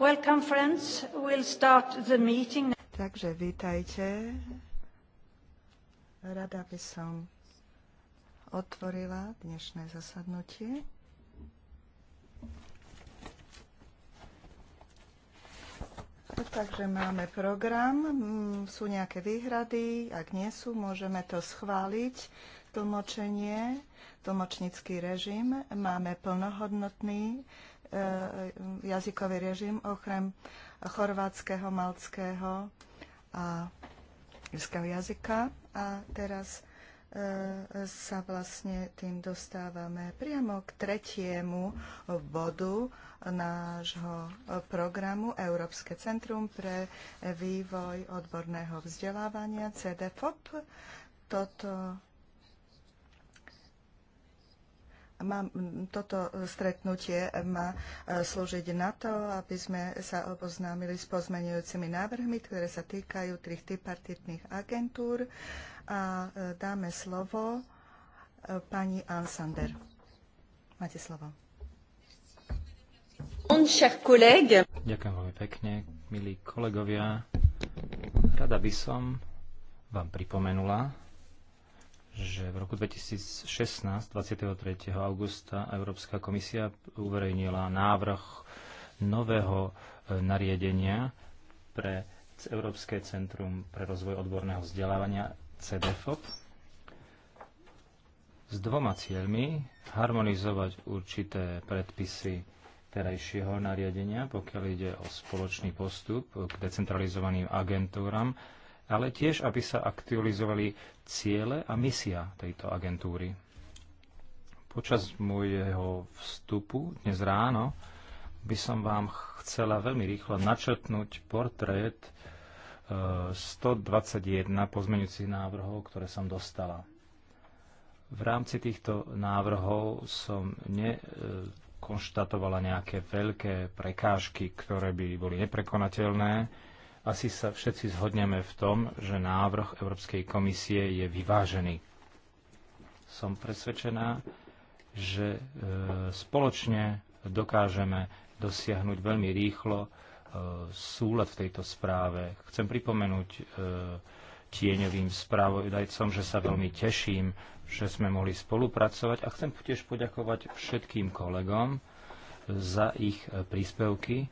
Welcome, friends. We'll start the meeting. Takže vítajte. Rada by som otvorila dnešné zasadnutie. Takže máme program. Mm, sú nejaké výhrady? Ak nie sú, môžeme to schváliť. Tlmočenie, tlmočnícky režim. Máme plnohodnotný E, jazykový režim okrem chorvátskeho, malckého a irského jazyka. A teraz e, sa vlastne tým dostávame priamo k tretiemu bodu nášho programu Európske centrum pre vývoj odborného vzdelávania CDFOP. Toto Mám, toto e, stretnutie má e, slúžiť na to, aby sme sa oboznámili s pozmenujúcimi návrhmi, ktoré sa týkajú tých tripartitných agentúr a e, dáme slovo pani Ansander. Máte slovo. Ďakujem veľmi pekne, milí kolegovia. Rada by som vám pripomenula, že v roku 2016, 23. augusta, Európska komisia uverejnila návrh nového e, nariadenia pre Európske centrum pre rozvoj odborného vzdelávania CDFOP s dvoma cieľmi harmonizovať určité predpisy terajšieho nariadenia, pokiaľ ide o spoločný postup k decentralizovaným agentúram ale tiež, aby sa aktualizovali ciele a misia tejto agentúry. Počas môjho vstupu dnes ráno by som vám chcela veľmi rýchlo načrtnúť portrét 121 e, pozmeňujúcich návrhov, ktoré som dostala. V rámci týchto návrhov som nekonštatovala nejaké veľké prekážky, ktoré by boli neprekonateľné. Asi sa všetci zhodneme v tom, že návrh Európskej komisie je vyvážený. Som presvedčená, že e, spoločne dokážeme dosiahnuť veľmi rýchlo e, súlad v tejto správe. Chcem pripomenúť e, tieňovým správodajcom, že sa veľmi teším, že sme mohli spolupracovať a chcem tiež poďakovať všetkým kolegom za ich príspevky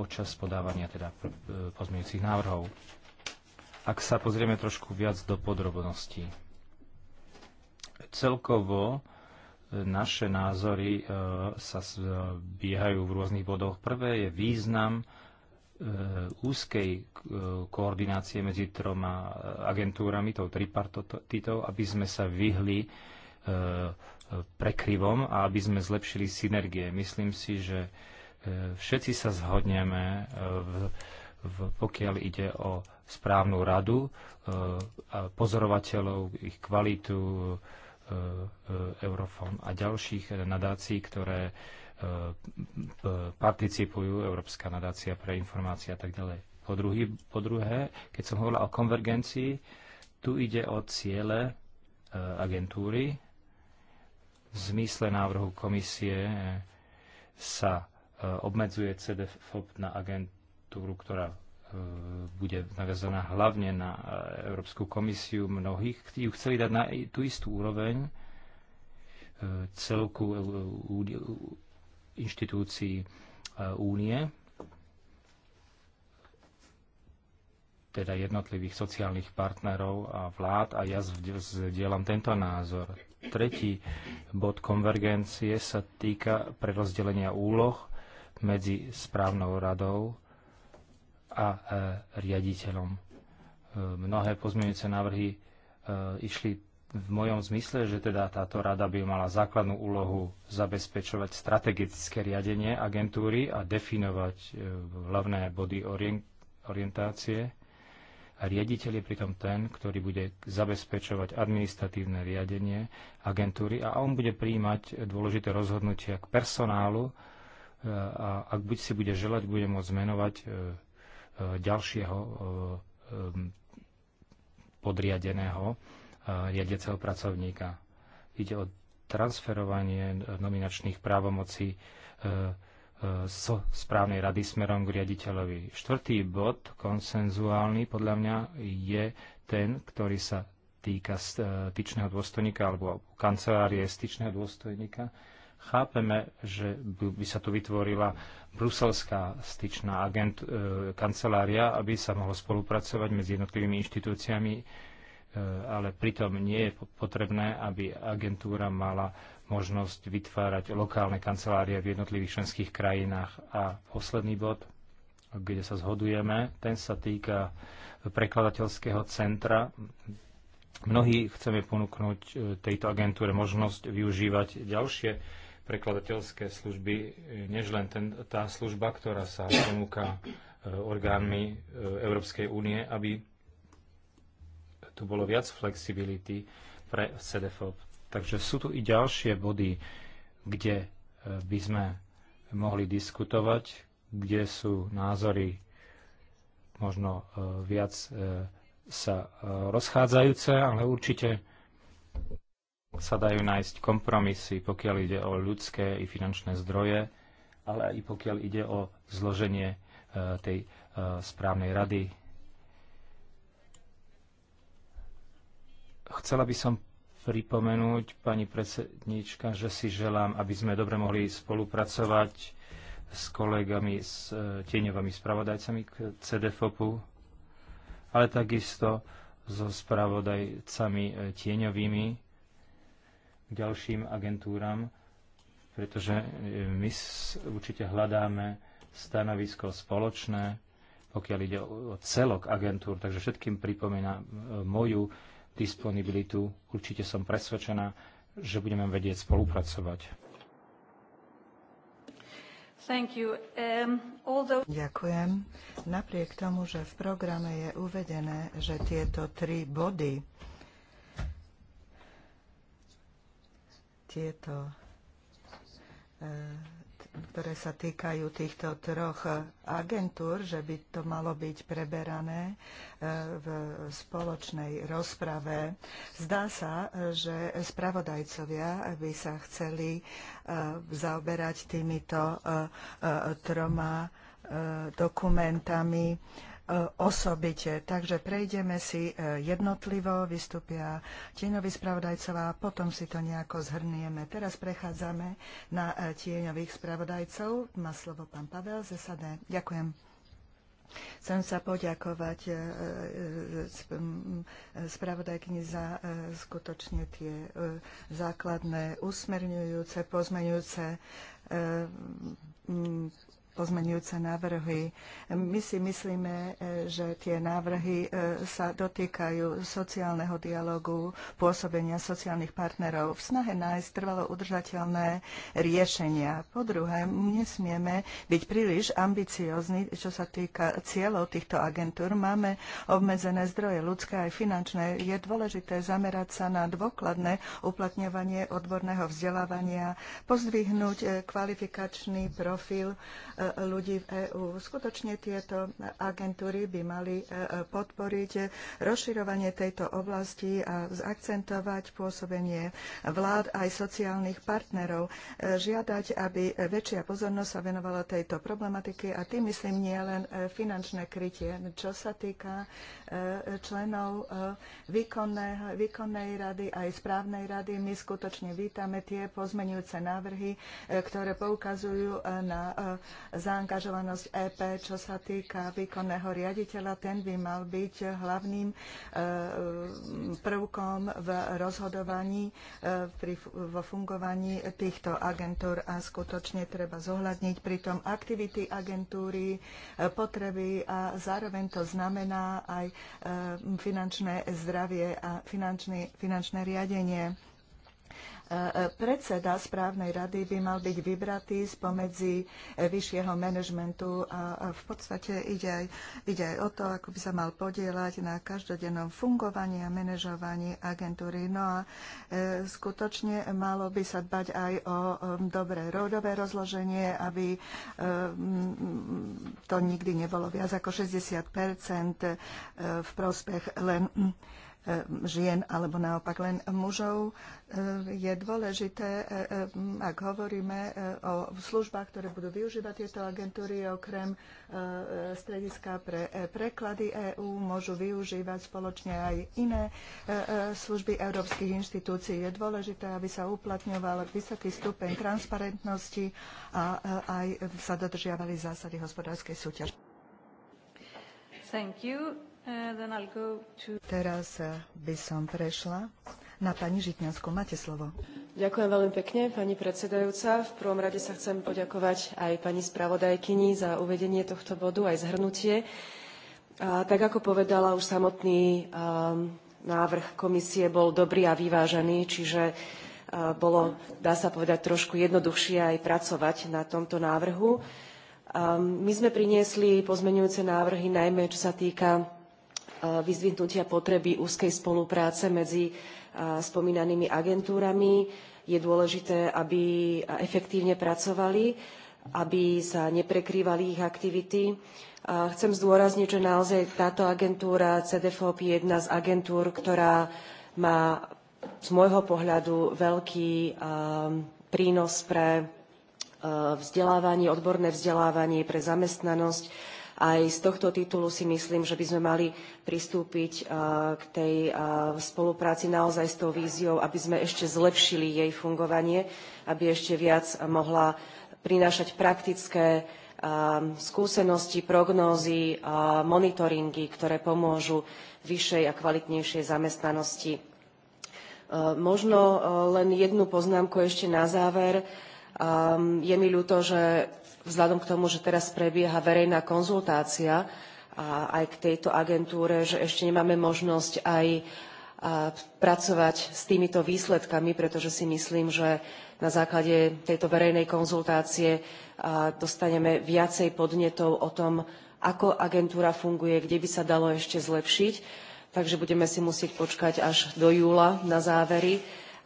počas podávania teda e, pozmeňujúcich návrhov. Ak sa pozrieme trošku viac do podrobností. Celkovo e, naše názory e, sa biehajú v rôznych bodoch. Prvé je význam úzkej koordinácie medzi troma agentúrami, tou tripartitou, aby sme sa vyhli prekryvom a aby sme zlepšili synergie. Myslím si, že Všetci sa zhodneme, e, v, v, pokiaľ ide o správnu radu e, a pozorovateľov, ich kvalitu, e, Eurofond a ďalších nadácií, ktoré participujú, Európska nadácia pre informácie a tak ďalej. Po, druhý, po druhé, keď som hovorila o konvergencii, tu ide o ciele agentúry. V zmysle návrhu komisie sa E, obmedzuje CDFOP na agentúru, ktorá e, bude naviazaná hlavne na e, Európsku komisiu. Mnohých ju chceli dať na tú istú úroveň celku inštitúcií únie, teda jednotlivých sociálnych partnerov a vlád a ja zdieľam tento názor. Tretí bod konvergencie sa týka prerozdelenia úloh medzi správnou radou a e, riaditeľom. E, mnohé pozmeňujúce návrhy e, išli v mojom zmysle, že teda táto rada by mala základnú úlohu zabezpečovať strategické riadenie agentúry a definovať hlavné body orientácie. A riaditeľ je pritom ten, ktorý bude zabezpečovať administratívne riadenie agentúry a on bude príjmať dôležité rozhodnutia k personálu, a ak buď si bude želať, bude môcť menovať e, e, ďalšieho e, podriadeného riadiaceho pracovníka. Ide o transferovanie nominačných právomocí z správnej rady smerom k riaditeľovi. Štvrtý bod, konsenzuálny, podľa mňa je ten, ktorý sa týka styčného dôstojníka alebo kancelárie styčného dôstojníka Chápeme, že by sa tu vytvorila bruselská styčná agent, e, kancelária, aby sa mohlo spolupracovať medzi jednotlivými inštitúciami, e, ale pritom nie je potrebné, aby agentúra mala možnosť vytvárať lokálne kancelárie v jednotlivých členských krajinách. A posledný bod, kde sa zhodujeme, ten sa týka prekladateľského centra. Mnohí chceme ponúknuť e, tejto agentúre možnosť využívať ďalšie prekladateľské služby, e, než len ten, tá služba, ktorá sa ponúka e, orgánmi e, Európskej únie, aby tu bolo viac flexibility pre CDFOP. Takže sú tu i ďalšie body, kde by sme mohli diskutovať, kde sú názory možno viac sa rozchádzajúce, ale určite sa dajú nájsť kompromisy, pokiaľ ide o ľudské i finančné zdroje, ale aj pokiaľ ide o zloženie e, tej e, správnej rady. Chcela by som pripomenúť, pani predsednička, že si želám, aby sme dobre mohli spolupracovať s kolegami, s e, tieňovými spravodajcami k CDFOPu, ale takisto so spravodajcami tieňovými ďalším agentúram, pretože e, my určite hľadáme stanovisko spoločné, pokiaľ ide o celok agentúr. Takže všetkým pripomína e, moju disponibilitu. Určite som presvedčená, že budeme vedieť spolupracovať. Um, although... Ďakujem. Napriek tomu, že v programe je uvedené, že tieto tri body tieto, e, ktoré sa týkajú týchto troch agentúr, že by to malo byť preberané e, v spoločnej rozprave. Zdá sa, že spravodajcovia by sa chceli e, zaoberať týmito troma dokumentami E, osobite. Takže prejdeme si e, jednotlivo, vystúpia tieňoví spravodajcov a potom si to nejako zhrnieme. Teraz prechádzame na e, tieňových spravodajcov. Má slovo pán Pavel z SAD. Ďakujem. Chcem sa poďakovať spravodajkyni za skutočne tie základné usmerňujúce, pozmeňujúce pozmenujúce návrhy. My si myslíme, e, že tie návrhy e, sa dotýkajú sociálneho dialogu, pôsobenia sociálnych partnerov v snahe nájsť trvalo udržateľné riešenia. Po druhé, nesmieme byť príliš ambiciozni, čo sa týka cieľov týchto agentúr. Máme obmedzené zdroje ľudské aj finančné. Je dôležité zamerať sa na dôkladné uplatňovanie odborného vzdelávania, pozdvihnúť e, kvalifikačný profil ľudí v EÚ. Skutočne tieto agentúry by mali e, podporiť rozširovanie tejto oblasti a zakcentovať pôsobenie vlád aj sociálnych partnerov. E, žiadať, aby väčšia pozornosť sa venovala tejto problematike a tým myslím nie len e, finančné krytie. Čo sa týka E, členov e, výkonnej rady aj správnej rady. My skutočne vítame tie pozmenujúce návrhy, e, ktoré poukazujú na zaangažovanosť EP, čo sa týka výkonného riaditeľa. Ten by mal byť hlavným prvkom v rozhodovaní pri, vo fungovaní týchto agentúr a skutočne treba zohľadniť pritom aktivity agentúry, potreby a zároveň to znamená aj finančné zdravie a finančné riadenie. E, e, predseda správnej rady by mal byť vybratý spomedzi e, vyššieho manažmentu a v podstate ide aj, ide aj o to, ako by sa mal podielať na každodennom fungovaní a manažovaní agentúry. No a skutočne malo by sa dbať aj o dobré rodové rozloženie, aby to nikdy nebolo viac ako 60 v prospech len E, žien alebo naopak len mužov. E, je dôležité, e, ak hovoríme o službách, ktoré budú využívať tieto agentúry, okrem strediska pre preklady EÚ, môžu využívať spoločne aj iné služby európskych inštitúcií. Je dôležité, aby sa uplatňoval vysoký stupeň transparentnosti a aj sa dodržiavali zásady hospodárskej súťaže. Thank you. Eh, Teraz eh, by som prešla na pani Žitňanskú. Máte slovo. Ďakujem veľmi pekne, pani predsedajúca. V prvom rade sa chcem poďakovať aj pani spravodajkyni za uvedenie tohto bodu, aj zhrnutie. A, tak ako povedala už samotný um, návrh komisie bol dobrý a vyvážený, čiže uh, bolo, dá sa povedať, trošku jednoduchšie aj pracovať na tomto návrhu. Um, my sme priniesli pozmenujúce návrhy najmä, čo sa týka Eh, vyzdvihnutia potreby úzkej spolupráce medzi eh, spomínanými agentúrami. Je dôležité, aby efektívne pracovali, aby sa neprekrývali ich aktivity. Chcem zdôrazniť, že naozaj táto agentúra CDFOP je jedna z agentúr, ktorá má z môjho pohľadu veľký eh, prínos pre vzdelávanie, odborné vzdelávanie, pre zamestnanosť, aj z tohto titulu si myslím, že by sme mali pristúpiť eh, k tej eh, spolupráci naozaj s tou víziou, aby sme ešte zlepšili jej fungovanie, aby ešte viac mohla prinášať praktické eh, skúsenosti, prognózy, monitoringy, ktoré pomôžu vyššej a kvalitnejšej zamestnanosti. Možno len jednu poznámku ešte na záver. Ehm, je mi ľúto, že vzhľadom k tomu, že teraz prebieha verejná konzultácia a aj k tejto agentúre, že ešte nemáme možnosť aj pracovať s týmito výsledkami, pretože si myslím, že na základe tejto verejnej konzultácie dostaneme viacej podnetov o tom, ako agentúra funguje, kde by sa dalo ešte zlepšiť. Takže budeme si musieť počkať až do júla na závery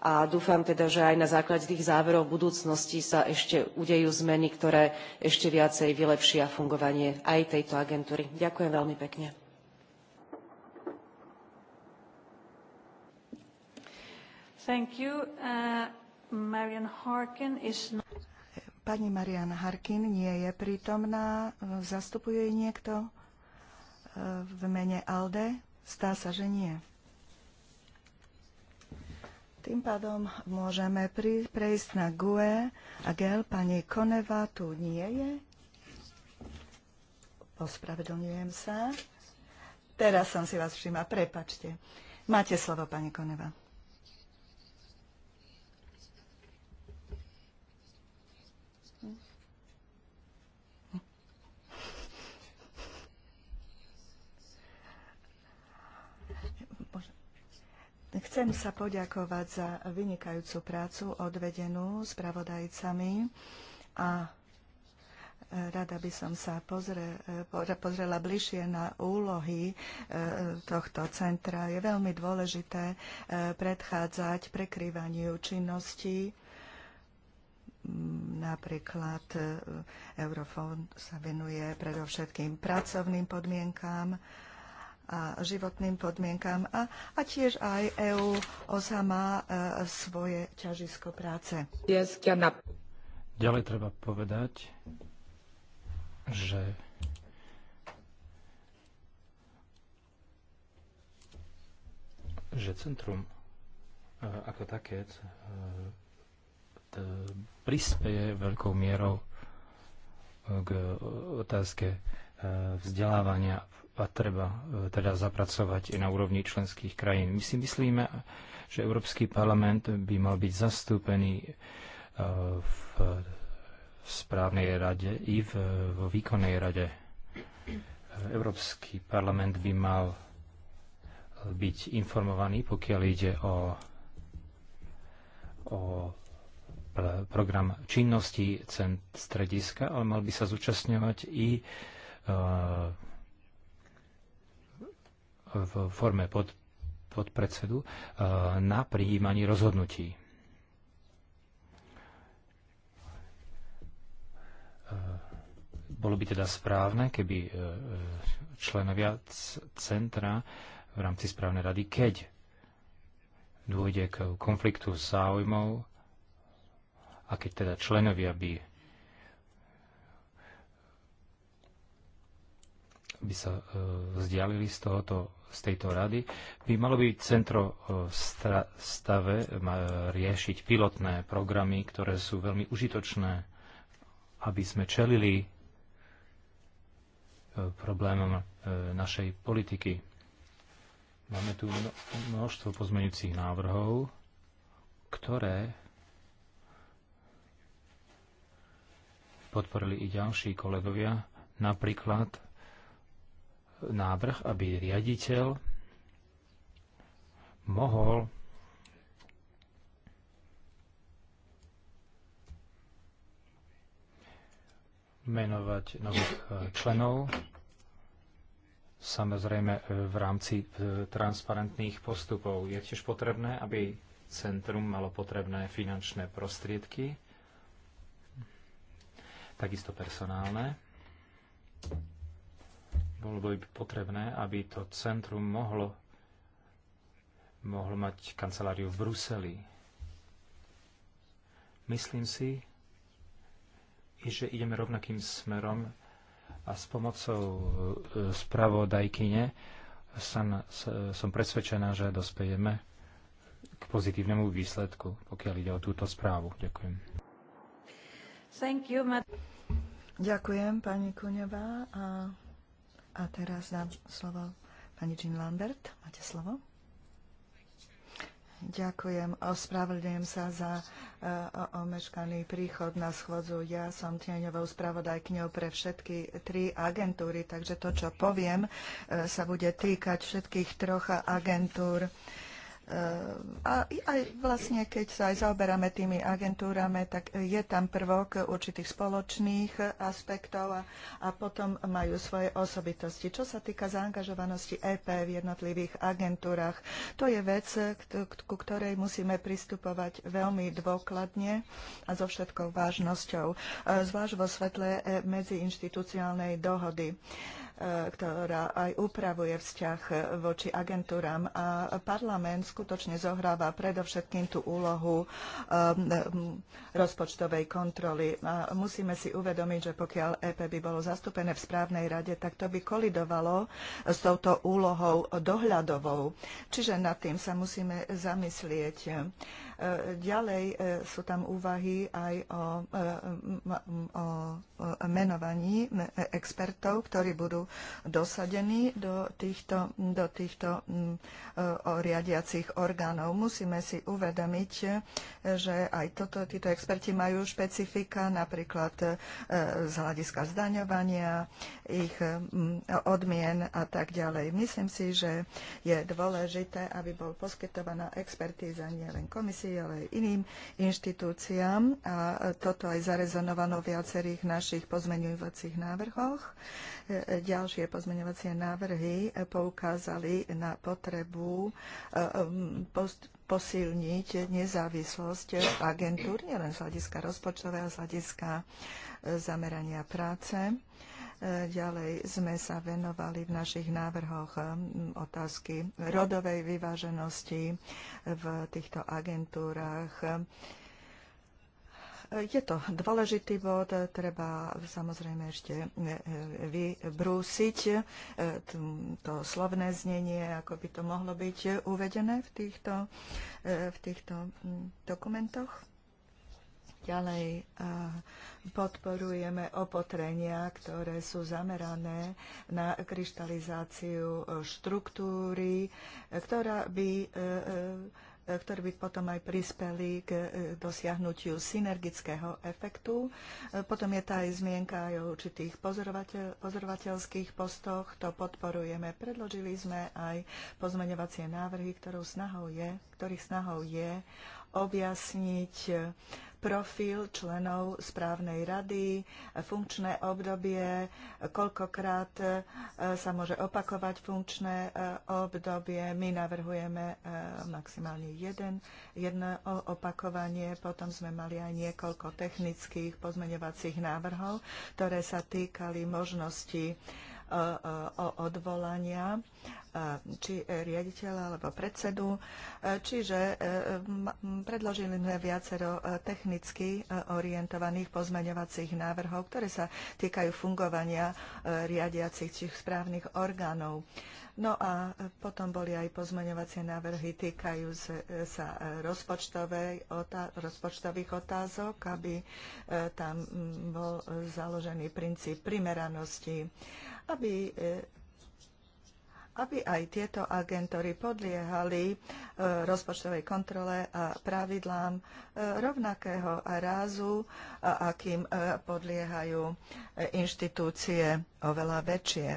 a dúfam teda, že aj na základe tých záverov v budúcnosti sa ešte udejú zmeny, ktoré ešte viacej vylepšia fungovanie aj tejto agentúry. Ďakujem veľmi pekne. Uh, is... Pani Marian Harkin nie je prítomná. Zastupuje jej niekto uh, v mene ALDE? Stá sa, že nie. Tým pádom môžeme pri, prejsť na GUE a GEL. Pani Koneva tu nie je. Ospravedlňujem sa. Teraz som si vás všimla. Prepačte. Máte slovo, pani Koneva. Chcem sa poďakovať za vynikajúcu prácu odvedenú spravodajcami a e, Rada by som sa pozre, e, pozrela bližšie na úlohy e, tohto centra. Je veľmi dôležité predchádzať prekrývaniu činností. Napríklad Eurofond sa venuje predovšetkým pracovným podmienkám a životným podmienkam a, a tiež aj EÚ OSA má e, svoje ťažisko práce. Ďalej treba povedať, že že centrum e, ako také e, prispieje veľkou mierou e, k otázke e, vzdelávania v a treba e, teda zapracovať i na úrovni členských krajín. My si myslíme, že Európsky parlament by mal byť zastúpený e, v správnej rade i v, vo výkonnej rade. Európsky parlament by mal byť informovaný, pokiaľ ide o, o program činnosti cent strediska, ale mal by sa zúčastňovať i e, v forme pod, podpredsedu eh, na prijímaní rozhodnutí. Eh, bolo by teda správne, keby eh, členovia centra v rámci správnej rady, keď dôjde k konfliktu záujmov a keď teda členovia by, by sa vzdialili z tohoto z tejto rady, by malo byť centro e, stave riešiť pilotné programy, ktoré sú veľmi užitočné, aby sme čelili e, problémom e, našej politiky. Máme tu množstvo pozmeňujúcich návrhov, ktoré podporili i ďalší kolegovia, napríklad návrh, aby riaditeľ mohol menovať nových e, členov, samozrejme e, v rámci e, transparentných postupov. Je tiež potrebné, aby centrum malo potrebné finančné prostriedky, takisto personálne bolo by potrebné, aby to centrum mohlo, mohlo mať kanceláriu v Bruseli. Myslím si, že ideme rovnakým smerom a s pomocou e, spravodajkyne som, e, som presvedčená, že dospejeme k pozitívnemu výsledku, pokiaľ ide o túto správu. Ďakujem. Thank you, Ďakujem, pani Kuňová. A a teraz dám slovo pani Jean Lambert. Máte slovo? Ďakujem. Ospravedlňujem sa za e, omeškaný príchod na schôdzu. Ja som tieňovou spravodajkňou pre všetky tri agentúry, takže to, čo poviem, e, sa bude týkať všetkých troch agentúr. A aj vlastne, keď sa aj zaoberáme tými agentúrami, tak je tam prvok určitých spoločných aspektov a, a potom majú svoje osobitosti. Čo sa týka zaangažovanosti EP v jednotlivých agentúrach, to je vec, ku ktorej musíme pristupovať veľmi dôkladne a so všetkou vážnosťou, e, zvlášť vo svetle e, medziinstitucionálnej dohody ktorá aj upravuje vzťah voči agentúram a parlament skutočne zohráva predovšetkým tú úlohu um, rozpočtovej kontroly. A musíme si uvedomiť, že pokiaľ EP by bolo zastúpené v správnej rade, tak to by kolidovalo s touto úlohou dohľadovou. Čiže nad tým sa musíme zamyslieť. E, ďalej e, sú tam úvahy aj o, e, o, o menovaní expertov, ktorí budú dosadení do týchto, do týchto riadiacich orgánov. Musíme si uvedomiť, že aj toto, títo experti majú špecifika, napríklad z hľadiska zdaňovania, ich odmien a tak ďalej. Myslím si, že je dôležité, aby bol poskytovaná expertíza nielen komisie, komisii, ale aj iným inštitúciám a toto aj zarezonovalo viacerých našich pozmeňujúcich návrhoch. E, e, ďalšie pozmeňovacie návrhy poukázali na potrebu e, posilniť nezávislosť agentúr, nielen z hľadiska rozpočtového, z hľadiska zamerania práce Ďalej sme sa venovali v našich návrhoch um, otázky rodovej vyváženosti v týchto agentúrach. Je to dôležitý bod, treba samozrejme ešte e, e, vybrúsiť e, to slovné znenie, ako by to mohlo byť uvedené v týchto, v týchto mm, dokumentoch. Ďalej podporujeme opotrenia, ktoré sú zamerané na kryštalizáciu e, štruktúry, e, ktorá by e, ktoré by potom aj prispeli k dosiahnutiu synergického efektu. Potom je tá aj zmienka aj o určitých pozorovateľ, pozorovateľských postoch, to podporujeme. Predložili sme aj pozmeňovacie návrhy, ktorých snahou je objasniť profil členov správnej rady, funkčné obdobie, koľkokrát e, sa môže opakovať funkčné e, obdobie. My navrhujeme e, maximálne jeden, jedno opakovanie. Potom sme mali aj niekoľko technických pozmeňovacích návrhov, ktoré sa týkali možnosti o odvolania e, či riaditeľa alebo predsedu. E, čiže e, predložili sme viacero technicky orientovaných pozmeňovacích návrhov, ktoré sa týkajú fungovania riadiacich či správnych orgánov. No a potom boli aj pozmeňovacie návrhy týkajú sa rozpočtových otázok, aby tam bol založený princíp primeranosti aby e, aby aj tieto agentúry podliehali e, rozpočtovej kontrole a pravidlám e, rovnakého rázu, akým podliehajú inštitúcie oveľa väčšie.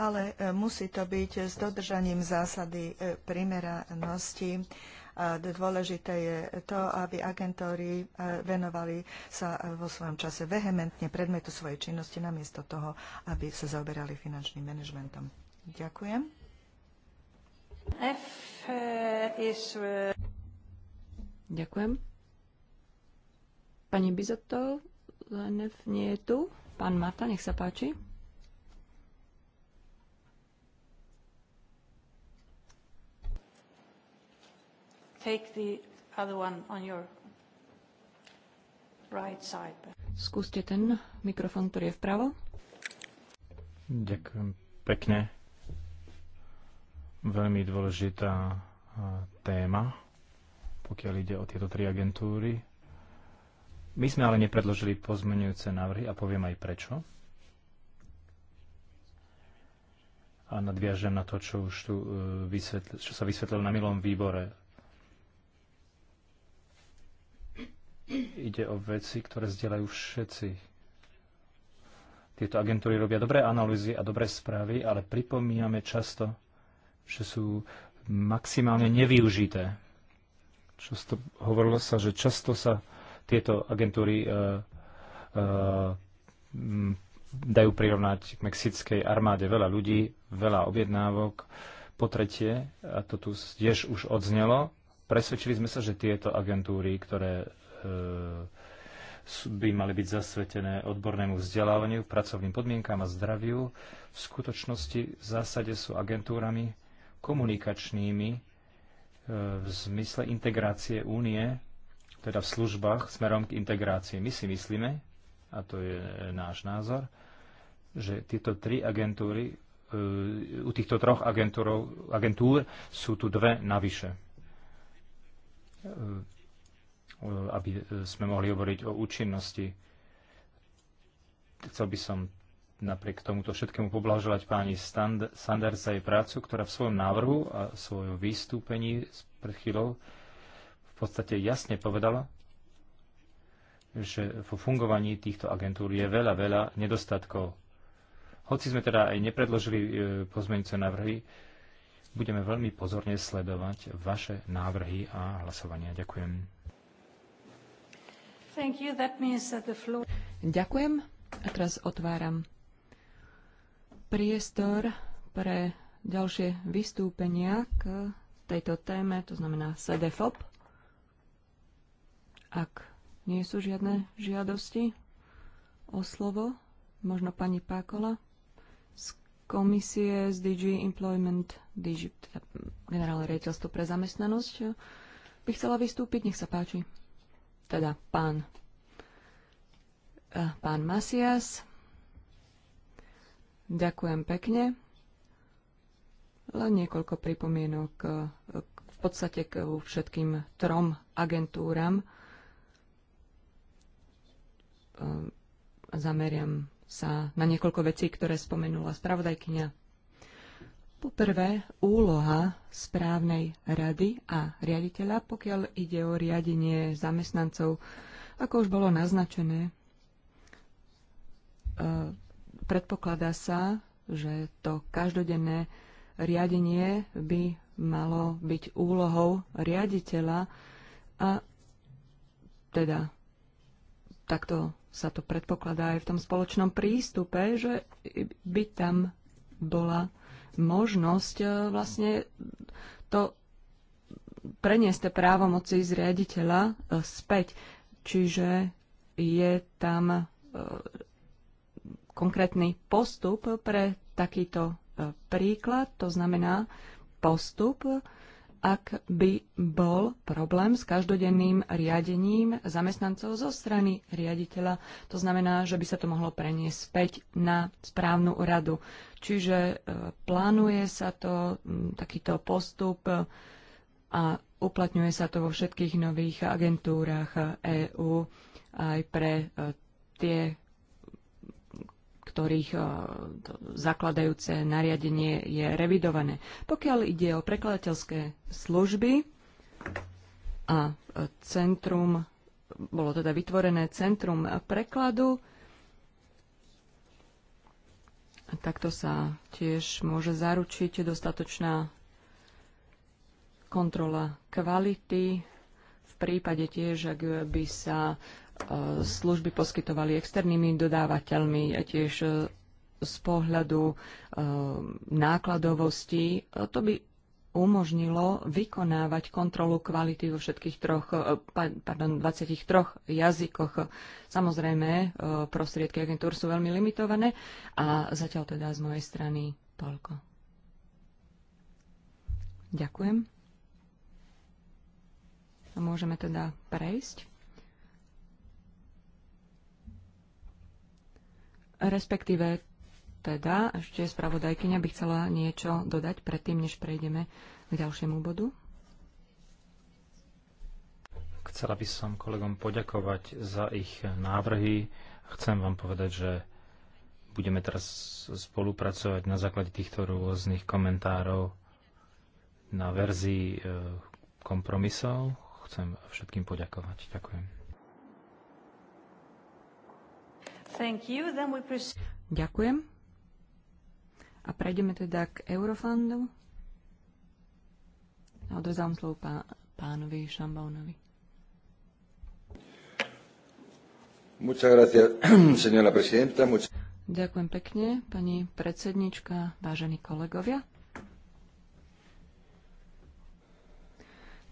Ale musí to byť s dodržaním zásady primeranosti. A dôležité je to, aby agentóri e, venovali sa e, vo svojom čase vehementne predmetu svojej činnosti, namiesto toho, aby sa zaoberali finančným manažmentom. Ďakujem. F e, is... Ďakujem. Pani Bizotto, NF nie je tu. Pán Mata, nech sa páči. take the other one on your right side. Skúste ten mikrofón, ktorý je vpravo. Ďakujem pekne. Veľmi dôležitá téma, pokiaľ ide o tieto tri agentúry. My sme ale nepredložili pozmenujúce návrhy a poviem aj prečo. A nadviažem na to, čo, už tu, e, vysvetl- čo sa vysvetlil na milom výbore Ide o veci, ktoré zdieľajú všetci. Tieto agentúry robia dobré analýzy a dobré správy, ale pripomíname často, že sú maximálne nevyužité. Často hovorilo sa, že často sa tieto agentúry e, e, dajú prirovnať k mexickej armáde veľa ľudí, veľa objednávok. Po tretie, a to tu tiež už odznelo, presvedčili sme sa, že tieto agentúry, ktoré by mali byť zasvetené odbornému vzdelávaniu, pracovným podmienkám a zdraviu, v skutočnosti v zásade sú agentúrami komunikačnými e, v zmysle integrácie únie, teda v službách smerom k integrácii. My si myslíme, a to je náš názor, že tieto tri agentúry, e, u týchto troch agentúr sú tu dve navyše e, aby sme mohli hovoriť o účinnosti. Chcel by som napriek tomuto všetkému poblahoželať páni Sanders za jej prácu, ktorá v svojom návrhu a svojom vystúpení pred chvíľou v podstate jasne povedala, že vo fungovaní týchto agentúr je veľa, veľa nedostatkov. Hoci sme teda aj nepredložili e, pozmeňujúce návrhy, budeme veľmi pozorne sledovať vaše návrhy a hlasovania. Ďakujem. Ďakujem. A teraz otváram priestor pre ďalšie vystúpenia k tejto téme, to znamená SEDEFOP. Ak nie sú žiadne žiadosti o slovo, možno pani Pákola z komisie z DG Employment, DG, teda eh, generálne riaditeľstvo pre zamestnanosť, eh, by chcela vystúpiť. Nech sa páči teda pán, eh, pán Masias. Ďakujem pekne. Len niekoľko pripomienok eh, v podstate k všetkým trom agentúram. Ehm, zameriam sa na niekoľko vecí, ktoré spomenula spravodajkynia Poprvé, úloha správnej rady a riaditeľa, pokiaľ ide o riadenie zamestnancov, ako už bolo naznačené, e, predpokladá sa, že to každodenné riadenie by malo byť úlohou riaditeľa a teda takto sa to predpokladá aj v tom spoločnom prístupe, že by tam bola možnosť e, vlastne to preniesť tie právomoci z riaditeľa e, späť. Čiže je tam e, konkrétny postup pre takýto príklad, to znamená postup, ak by bol problém s každodenným riadením zamestnancov zo strany riaditeľa. To znamená, že by sa to mohlo preniesť späť na správnu radu. Čiže e, plánuje sa to, takýto postup e, a uplatňuje sa to vo všetkých nových agentúrach EÚ e aj pre tie ktorých e, zakladajúce nariadenie je revidované. Pokiaľ ide o prekladateľské služby a centrum, bolo teda vytvorené centrum prekladu, takto sa tiež môže zaručiť dostatočná kontrola kvality v prípade tiež, ak by sa služby poskytovali externými dodávateľmi, tiež e, z pohľadu e, nákladovosti. E, to by umožnilo vykonávať kontrolu kvality vo všetkých troch, pardon, 23 jazykoch. Samozrejme, prostriedky agentúr sú veľmi limitované a zatiaľ teda z mojej strany toľko. Ďakujem. A môžeme teda prejsť Respektíve teda ešte spravodajkyňa by chcela niečo dodať predtým, než prejdeme k ďalšiemu bodu. Chcela by som kolegom poďakovať za ich návrhy. Chcem vám povedať, že budeme teraz spolupracovať na základe týchto rôznych komentárov na verzii eh, kompromisov. Chcem všetkým poďakovať. Ďakujem. Ďakujem. A prejdeme teda k Eurofondu. A odrezám slovo pánovi Šambaunovi. Ďakujem pekne, pani predsednička, vážení kolegovia.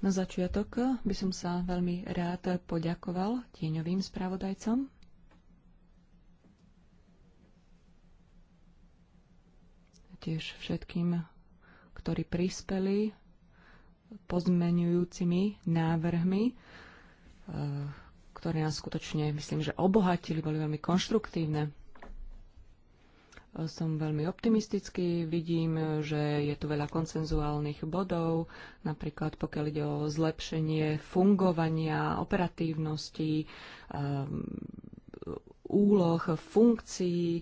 Na začiatok by som sa veľmi rád poďakoval tieňovým spravodajcom tiež všetkým, ktorí prispeli pozmenujúcimi návrhmi, e, ktoré nás skutočne, myslím, že obohatili, boli veľmi konštruktívne. E, som veľmi optimistický, vidím, že je tu veľa koncenzuálnych bodov, napríklad pokiaľ ide o zlepšenie fungovania, operatívnosti, e, úloh, funkcií,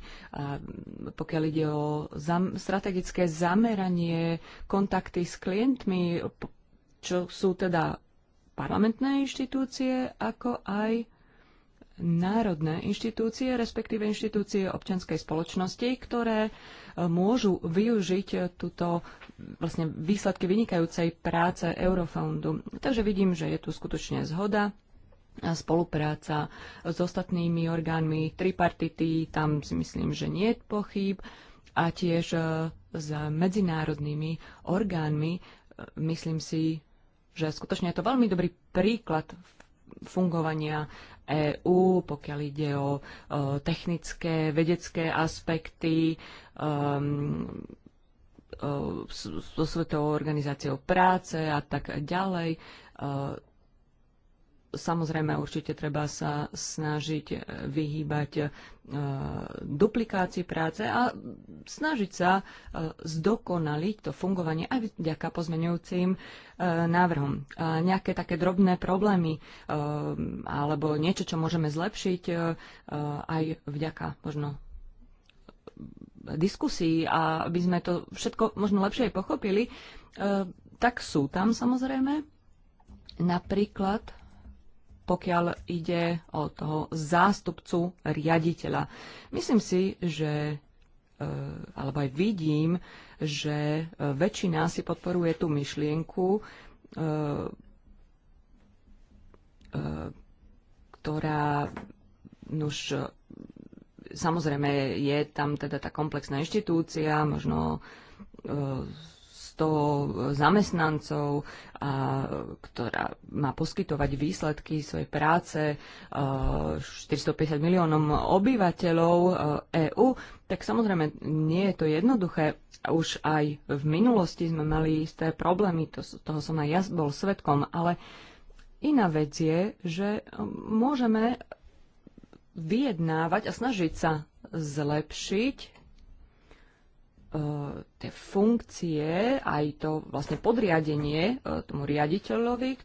pokiaľ ide o zam- strategické zameranie, kontakty s klientmi, čo sú teda parlamentné inštitúcie, ako aj národné inštitúcie, respektíve inštitúcie občianskej spoločnosti, ktoré e, môžu využiť túto vlastne výsledky vynikajúcej práce Eurofoundu. Takže vidím, že je tu skutočne zhoda spolupráca s ostatnými orgánmi tripartity, tam si myslím, že nie je pochyb, a tiež e, s medzinárodnými orgánmi. E, myslím si, že skutočne je to veľmi dobrý príklad fungovania EÚ, pokiaľ ide o, e, technické, vedecké aspekty, ehm, so Svetovou organizáciou práce a tak ďalej. Samozrejme, určite treba sa snažiť eh, vyhýbať eh, duplikácii práce a snažiť sa eh, zdokonaliť to fungovanie aj vďaka pozmeňujúcim návrhom. Nejaké také drobné problémy alebo niečo, čo môžeme zlepšiť aj vďaka možno diskusii a aby sme to všetko možno lepšie aj pochopili, tak sú tam samozrejme. Napríklad pokiaľ ide o toho zástupcu riaditeľa. Myslím si, že e, alebo aj vidím, že e, väčšina si podporuje tú myšlienku, e, ktorá už samozrejme je tam teda tá komplexná inštitúcia, možno 100 zamestnancov, a, ktorá má poskytovať výsledky svojej práce 450 e, miliónom obyvateľov EÚ, e tak samozrejme nie je to jednoduché. Už aj v minulosti sme mali isté problémy, to, toho som aj ja bol svetkom, ale iná vec je, že e, môžeme vyjednávať a snažiť sa zlepšiť E, tie funkcie, aj to vlastne podriadenie e, tomu riaditeľovi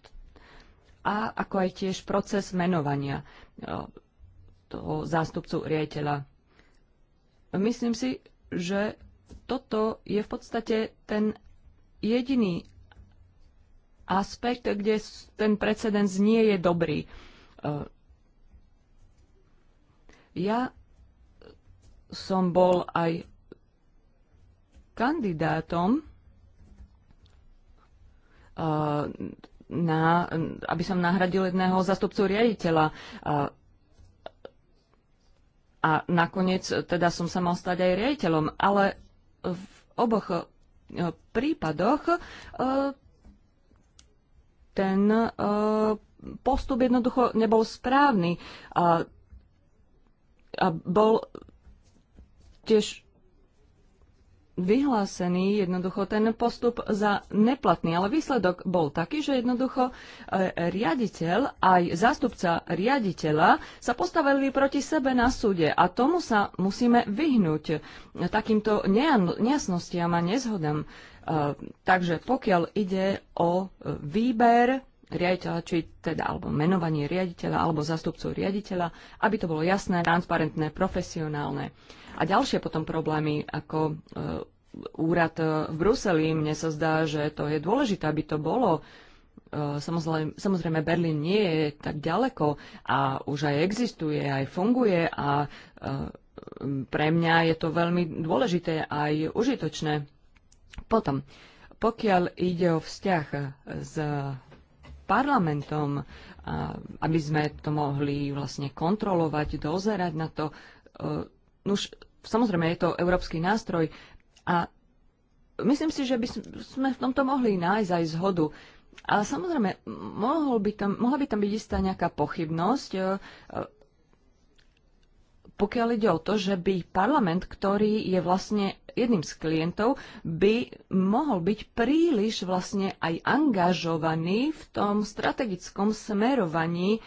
a ako aj tiež proces menovania e, toho zástupcu riaditeľa. Myslím si, že toto je v podstate ten jediný aspekt, kde ten precedens nie je dobrý. Ja som bol aj kandidátom eh, na, aby som nahradil jedného zastupcu riaditeľa. Eh, a nakoniec teda som sa mal stať aj riaditeľom, ale v oboch eh, prípadoch ten postup jednoducho nebol správny. A, a bol tiež vyhlásený jednoducho ten postup za neplatný, ale výsledok bol taký, že jednoducho e, riaditeľ aj zástupca riaditeľa sa postavili proti sebe na súde a tomu sa musíme vyhnúť takýmto nejasnostiam a nezhodám. E, takže pokiaľ ide o výber riaditeľa, či teda alebo menovanie riaditeľa alebo zástupcov riaditeľa, aby to bolo jasné, transparentné, profesionálne. A ďalšie potom problémy ako e, úrad e, v Bruseli. Mne sa zdá, že to je dôležité, aby to bolo. E, samozrejme, samozrejme, Berlín nie je tak ďaleko a už aj existuje, aj funguje a pre mňa je to veľmi dôležité aj užitočné. Potom, pokiaľ ide o vzťah s parlamentom, aby sme to mohli vlastne kontrolovať, dozerať na to, už Samozrejme, je to európsky nástroj a myslím si, že by sme v tomto mohli nájsť aj zhodu. A samozrejme, mohol by tam, mohla by tam byť istá nejaká pochybnosť, e, e, pokiaľ ide o to, že by parlament, ktorý je vlastne jedným z klientov, by mohol byť príliš vlastne aj angažovaný v tom strategickom smerovaní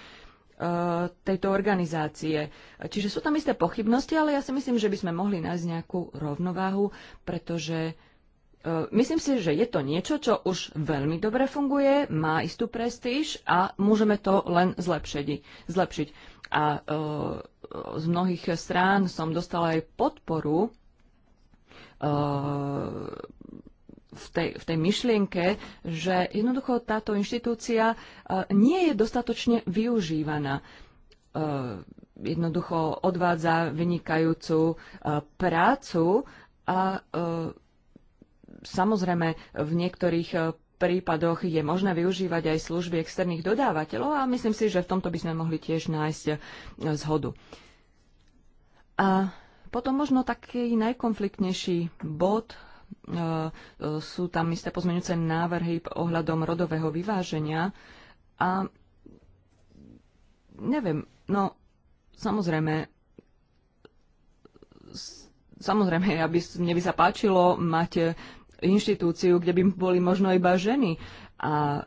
Eh, tejto organizácie. Čiže sú tam isté pochybnosti, ale ja si myslím, že by sme mohli nájsť nejakú rovnováhu, pretože eh, myslím si, že je to niečo, čo už veľmi dobre funguje, má istú prestíž a môžeme to len zlepšiť. A eh, z mnohých strán som dostala aj podporu v tej, v tej myšlienke, že jednoducho táto inštitúcia e, nie je dostatočne využívaná. E, jednoducho odvádza vynikajúcu e, prácu a samozrejme v niektorých prípadoch je možné využívať aj služby externých dodávateľov a myslím si, že v tomto by sme mohli tiež nájsť zhodu. A potom možno taký najkonfliktnejší bod E, e, sú tam isté pozmeňujúce návrhy ohľadom rodového vyváženia a neviem, no samozrejme, samozrejme, aby mne by sa páčilo mať inštitúciu, kde by boli možno iba ženy. A,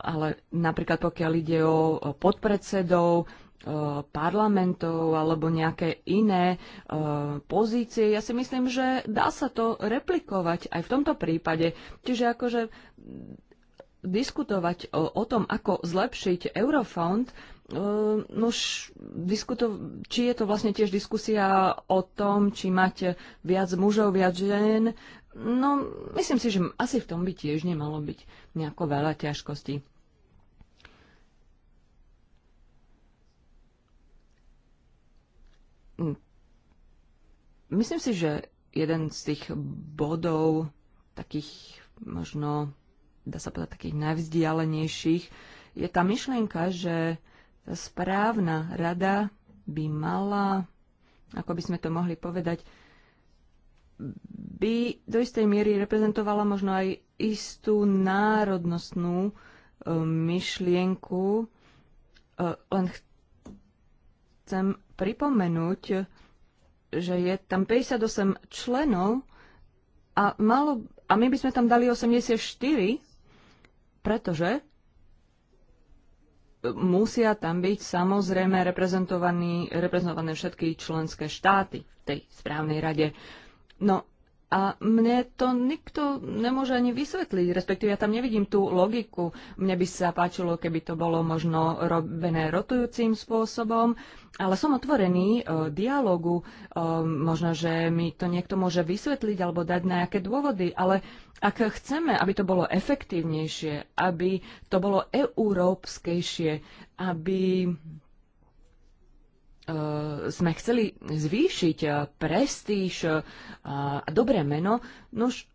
ale napríklad pokiaľ ide o podpredsedov, parlamentov alebo nejaké iné e, pozície. Ja si myslím, že dá sa to replikovať aj v tomto prípade. Čiže akože diskutovať o, o tom, ako zlepšiť Eurofond, e, Nož, diskuto, či je to vlastne tiež diskusia o tom, či mať viac mužov, viac žien. No, myslím si, že asi v tom by tiež nemalo byť nejako veľa ťažkostí. Mm. Myslím si, že jeden z tých bodov, takých možno, dá sa povedať, takých najvzdialenejších, je tá myšlienka, že tá správna rada by mala, ako by sme to mohli povedať, by do istej miery reprezentovala možno aj istú národnostnú e, myšlienku. E, len chcem pripomenúť, že je tam 58 členov a, malo, a my by sme tam dali 84, pretože musia tam byť samozrejme reprezentované všetky členské štáty v tej správnej rade. No a mne to nikto nemôže ani vysvetliť, respektíve ja tam nevidím tú logiku. Mne by sa páčilo, keby to bolo možno robené rotujúcim spôsobom, ale som otvorený e, dialogu. E, možno, že mi to niekto môže vysvetliť alebo dať nejaké dôvody, ale ak chceme, aby to bolo efektívnejšie, aby to bolo európskejšie, aby Eh, sme chceli zvýšiť eh, prestíž eh, a dobré meno, nož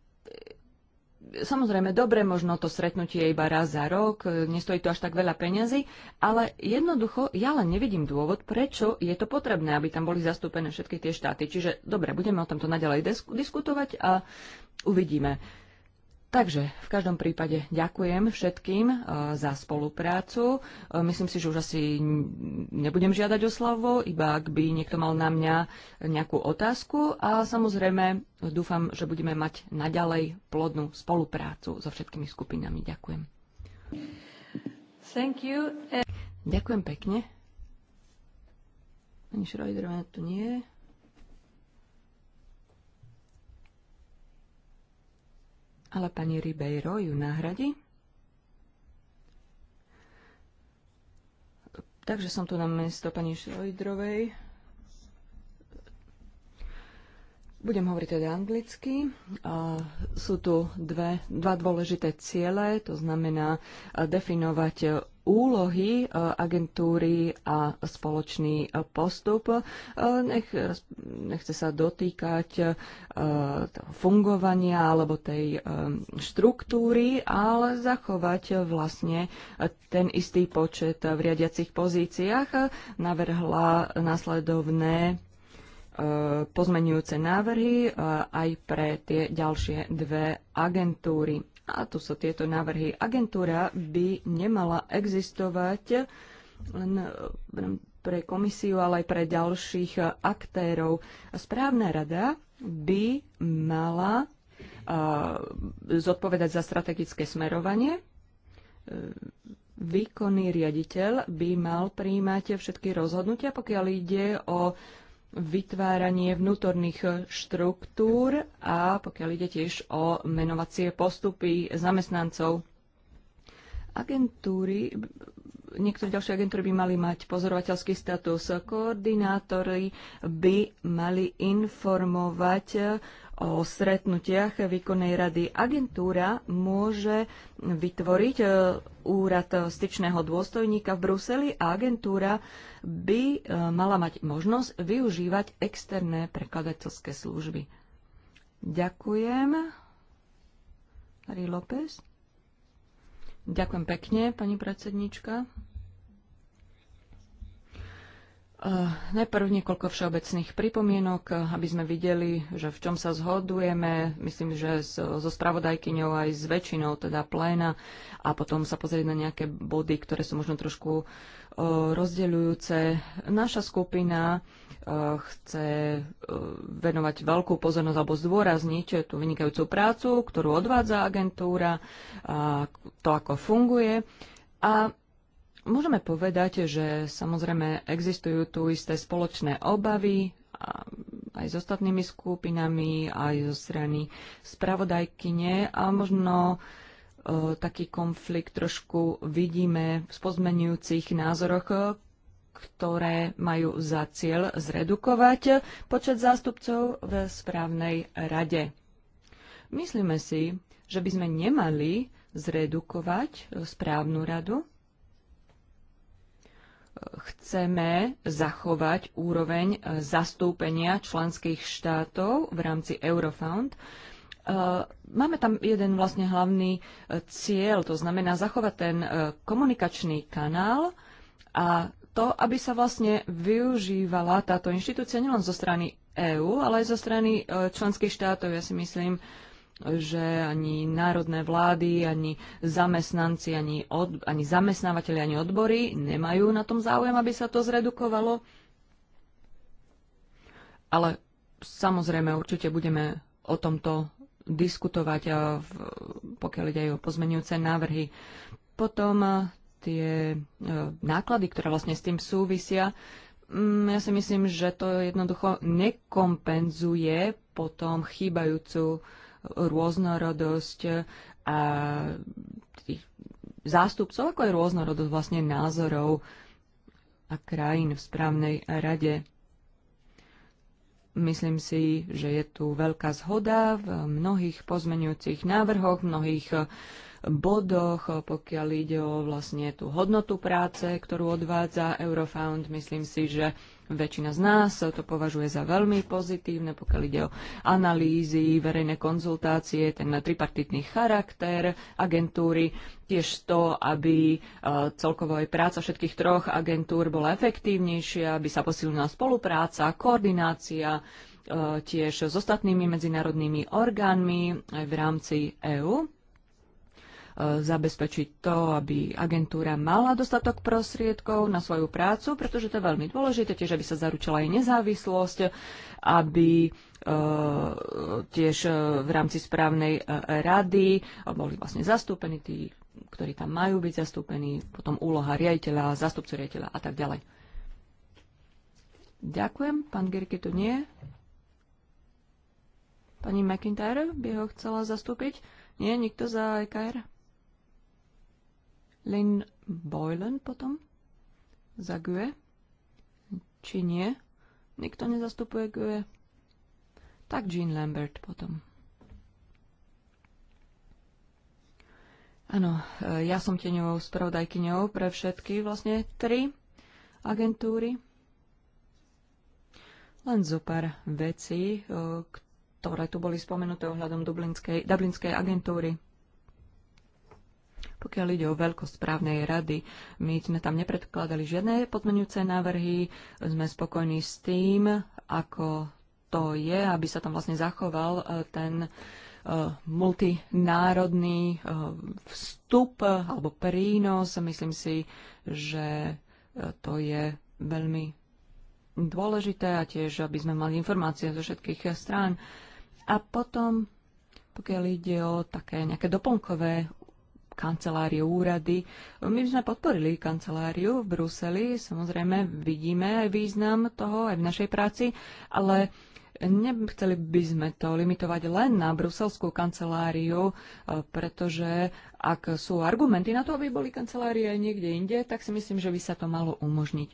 Samozrejme, dobre, možno to stretnutie je iba raz za rok, nestojí to až tak veľa peňazí, ale jednoducho ja len nevidím dôvod, prečo je to potrebné, aby tam boli zastúpené všetky tie štáty. Čiže dobre, budeme o tomto naďalej diskutovať a uvidíme. Takže v každom prípade ďakujem všetkým uh, za spoluprácu. Uh, myslím si, že už asi nebudem žiadať o slovo, iba ak by niekto mal na mňa nejakú otázku. A samozrejme dúfam, že budeme mať naďalej plodnú spoluprácu so všetkými skupinami. Ďakujem. Thank you. Ďakujem pekne. Ani Šrojderová tu nie je. ale pani Ribeiro ju nahradí. Takže som tu na miesto pani Šojdrovej. Budem hovoriť teda anglicky. Sú tu dve, dva dôležité ciele, to znamená e, definovať úlohy e, agentúry a spoločný e, postup. Nech, nechce sa dotýkať fungovania alebo tej štruktúry, ale zachovať vlastne ten istý počet v riadiacich pozíciách. Navrhla následovné E, pozmenujúce návrhy e, aj pre tie ďalšie dve agentúry. A tu sú tieto návrhy. Agentúra by nemala existovať len e, pre komisiu, ale aj pre ďalších aktérov. Správna rada by mala zodpovedať za strategické smerovanie. Výkonný riaditeľ by mal príjmať všetky rozhodnutia, pokiaľ ide o vytváranie vnútorných štruktúr a pokiaľ ide tiež o menovacie postupy zamestnancov. Agentúry, niektoré ďalšie agentúry by mali mať pozorovateľský status. Koordinátori by mali informovať o stretnutiach výkonnej rady. Agentúra môže vytvoriť úrad eh, styčného dôstojníka v Bruseli a agentúra by eh, mala mať možnosť využívať externé prekladateľské služby. Ďakujem. Marie López. Ďakujem pekne, pani predsednička. Eh, najprv niekoľko všeobecných pripomienok, eh, aby sme videli, že v čom sa zhodujeme, myslím, že so spravodajkyňou aj s väčšinou, teda pléna, a potom sa pozrieť na nejaké body, ktoré sú možno trošku eh, rozdeľujúce. Naša skupina chce venovať veľkú pozornosť alebo zdôrazniť tú vynikajúcu prácu, ktorú odvádza agentúra, to, ako funguje. A Môžeme povedať, že samozrejme existujú tu isté spoločné obavy aj s ostatnými skupinami, aj zo strany spravodajkyne a možno e, taký konflikt trošku vidíme v pozmenujúcich názoroch, ktoré majú za cieľ zredukovať počet zástupcov v správnej rade. Myslíme si, že by sme nemali zredukovať správnu radu, chceme zachovať úroveň e, zastúpenia členských štátov v rámci Eurofound. E, máme tam jeden vlastne hlavný e, cieľ, to znamená zachovať ten komunikačný kanál a to, aby sa vlastne využívala táto inštitúcia nielen zo strany EÚ, ale aj zo strany členských štátov. Ja si myslím, že ani národné vlády, ani zamestnanci, ani, od, ani zamestnávateľi, ani odbory nemajú na tom záujem, aby sa to zredukovalo. Ale samozrejme určite budeme o tomto diskutovať, a v, pokiaľ ide aj o pozmenujúce návrhy. Potom tie e, náklady, ktoré vlastne s tým súvisia, mm, ja si myslím, že to jednoducho nekompenzuje potom chýbajúcu rôznorodosť a tých zástupcov, ako aj rôznorodosť vlastne názorov a krajín v správnej rade. Myslím si, že je tu veľká zhoda v mnohých pozmenujúcich návrhoch, v mnohých bodoch, pokiaľ ide o vlastne tú hodnotu práce, ktorú odvádza Eurofound. Myslím si, že Väčšina z nás to považuje za veľmi pozitívne, pokiaľ ide o analýzy, verejné konzultácie, ten tripartitný charakter agentúry, tiež to, aby e, celkovo aj práca všetkých troch agentúr bola efektívnejšia, aby sa posilnila spolupráca, koordinácia, e, tiež s ostatnými medzinárodnými orgánmi aj v rámci EÚ. Eh, zabezpečiť to, aby agentúra mala dostatok prostriedkov na svoju prácu, pretože to je veľmi dôležité, tiež aby sa zaručila aj nezávislosť, aby eh, tiež eh, v rámci správnej rady boli vlastne zastúpení tí, ktorí tam majú byť zastúpení, potom úloha riaditeľa, zastupcu riaditeľa a tak ďalej. Ďakujem. Pán Gerke tu nie. Pani McIntyre by ho chcela zastúpiť. Nie, nikto za EKR? Lynn Boylan potom za GUE. Či nie? Nikto nezastupuje GUE. Tak Jean Lambert potom. Áno, e, ja som tieňovou spravodajkyňou pre všetky vlastne tri agentúry. Len zo pár vecí, e, ktoré tu boli spomenuté ohľadom Dublinskej, Dublinskej agentúry. Pokiaľ ide o veľkosť správnej rady, my sme tam nepredkladali žiadne podmenujúce návrhy, sme spokojní s tým, ako to je, aby sa tam vlastne zachoval e, ten e, multinárodný e, vstup alebo prínos. Myslím si, že to je veľmi dôležité a tiež, aby sme mali informácie zo všetkých strán. A potom, pokiaľ ide o také nejaké doplnkové kancelárie, úrady. My sme podporili kanceláriu v Bruseli, samozrejme vidíme aj význam toho aj v našej práci, ale Nechceli by sme to limitovať len na bruselskú kanceláriu, e, pretože ak sú argumenty na to, aby boli kancelárie niekde inde, tak si myslím, že by sa to malo umožniť.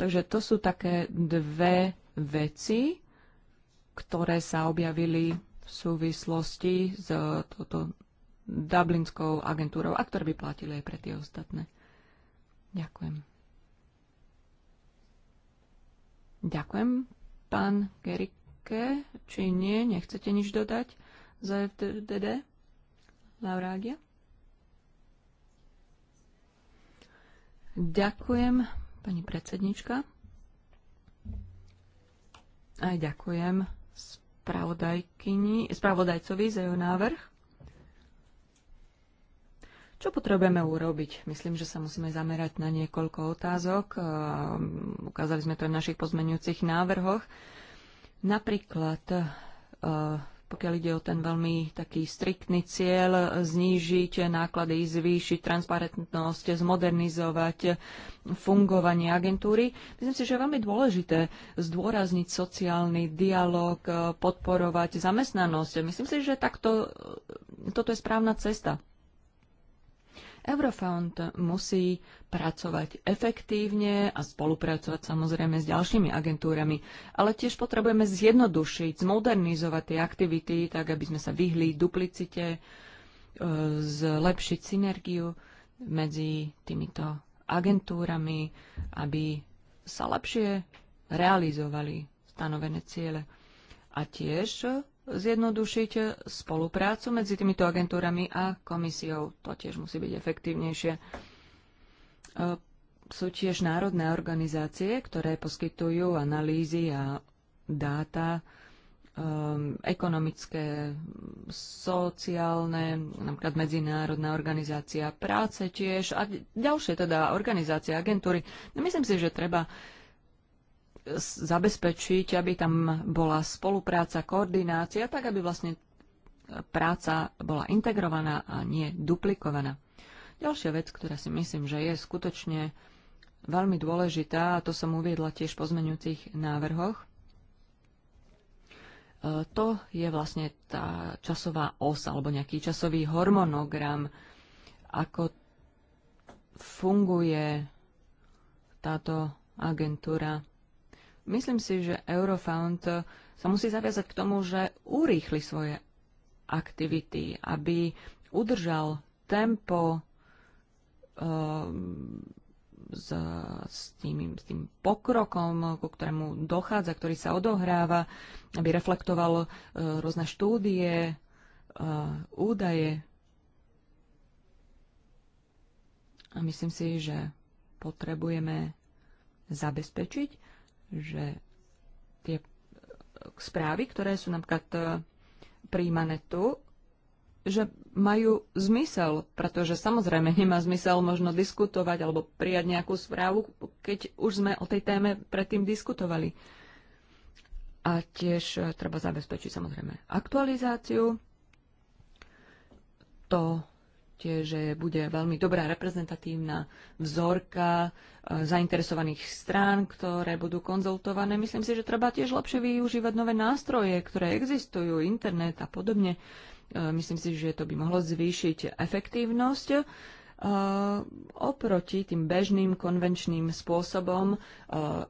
Takže to sú také dve veci, ktoré sa objavili v súvislosti s touto Dublinskou agentúrou a ktoré by platili aj pre tie ostatné. Ďakujem. Ďakujem, pán Gerike. Či nie, nechcete nič dodať za FDD? Laurágia? Ďakujem, pani predsednička. Aj ďakujem spravodajkyni, spravodajcovi za jeho návrh. Čo potrebujeme urobiť? Myslím, že sa musíme zamerať na niekoľko otázok. Um, ukázali sme to aj v našich pozmenujúcich návrhoch. Napríklad, e, pokiaľ ide o ten veľmi taký striktný cieľ, znížiť náklady, zvýšiť transparentnosť, zmodernizovať fungovanie agentúry. Myslím si, že je veľmi dôležité zdôrazniť sociálny dialog, podporovať zamestnanosť. Myslím si, že takto, e, toto je správna cesta. Eurofound musí pracovať efektívne a spolupracovať samozrejme s ďalšími agentúrami, ale tiež potrebujeme zjednodušiť, zmodernizovať tie aktivity, tak aby sme sa vyhli duplicite, e, zlepšiť synergiu medzi týmito agentúrami, aby sa lepšie realizovali stanovené ciele. A tiež zjednodušiť spoluprácu medzi týmito agentúrami a komisiou. To tiež musí byť efektívnejšie. E, sú tiež národné organizácie, ktoré poskytujú analýzy a dáta e, ekonomické, sociálne, napríklad Medzinárodná organizácia práce tiež a ďalšie teda organizácie, agentúry. No, myslím si, že treba uh, zabezpečiť, aby tam bola spolupráca, koordinácia, tak aby vlastne práca bola integrovaná a nie duplikovaná. Ďalšia vec, ktorá si myslím, že je skutočne veľmi dôležitá, a to som uviedla tiež v pozmeňujúcich návrhoch, e, to je vlastne tá časová os alebo nejaký časový hormonogram, ako funguje táto agentúra Myslím si, že Eurofound sa musí zaviazať k tomu, že urýchli svoje aktivity, aby udržal tempo um, s, s, tým, s tým pokrokom, ku ktorému dochádza, ktorý sa odohráva, aby reflektoval uh, rôzne štúdie, uh, údaje. A myslím si, že potrebujeme zabezpečiť, že tie eh, správy, ktoré sú napríklad eh, príjmané tu, že majú zmysel, pretože samozrejme nemá zmysel možno diskutovať alebo prijať nejakú správu, keď už sme o tej téme predtým diskutovali. A tiež eh, treba zabezpečiť samozrejme aktualizáciu. To určite, že bude veľmi dobrá reprezentatívna vzorka e, zainteresovaných strán, ktoré budú konzultované. Myslím si, že treba tiež lepšie využívať nové nástroje, ktoré existujú, internet a podobne. E, myslím si, že to by mohlo zvýšiť efektívnosť e, oproti tým bežným konvenčným spôsobom,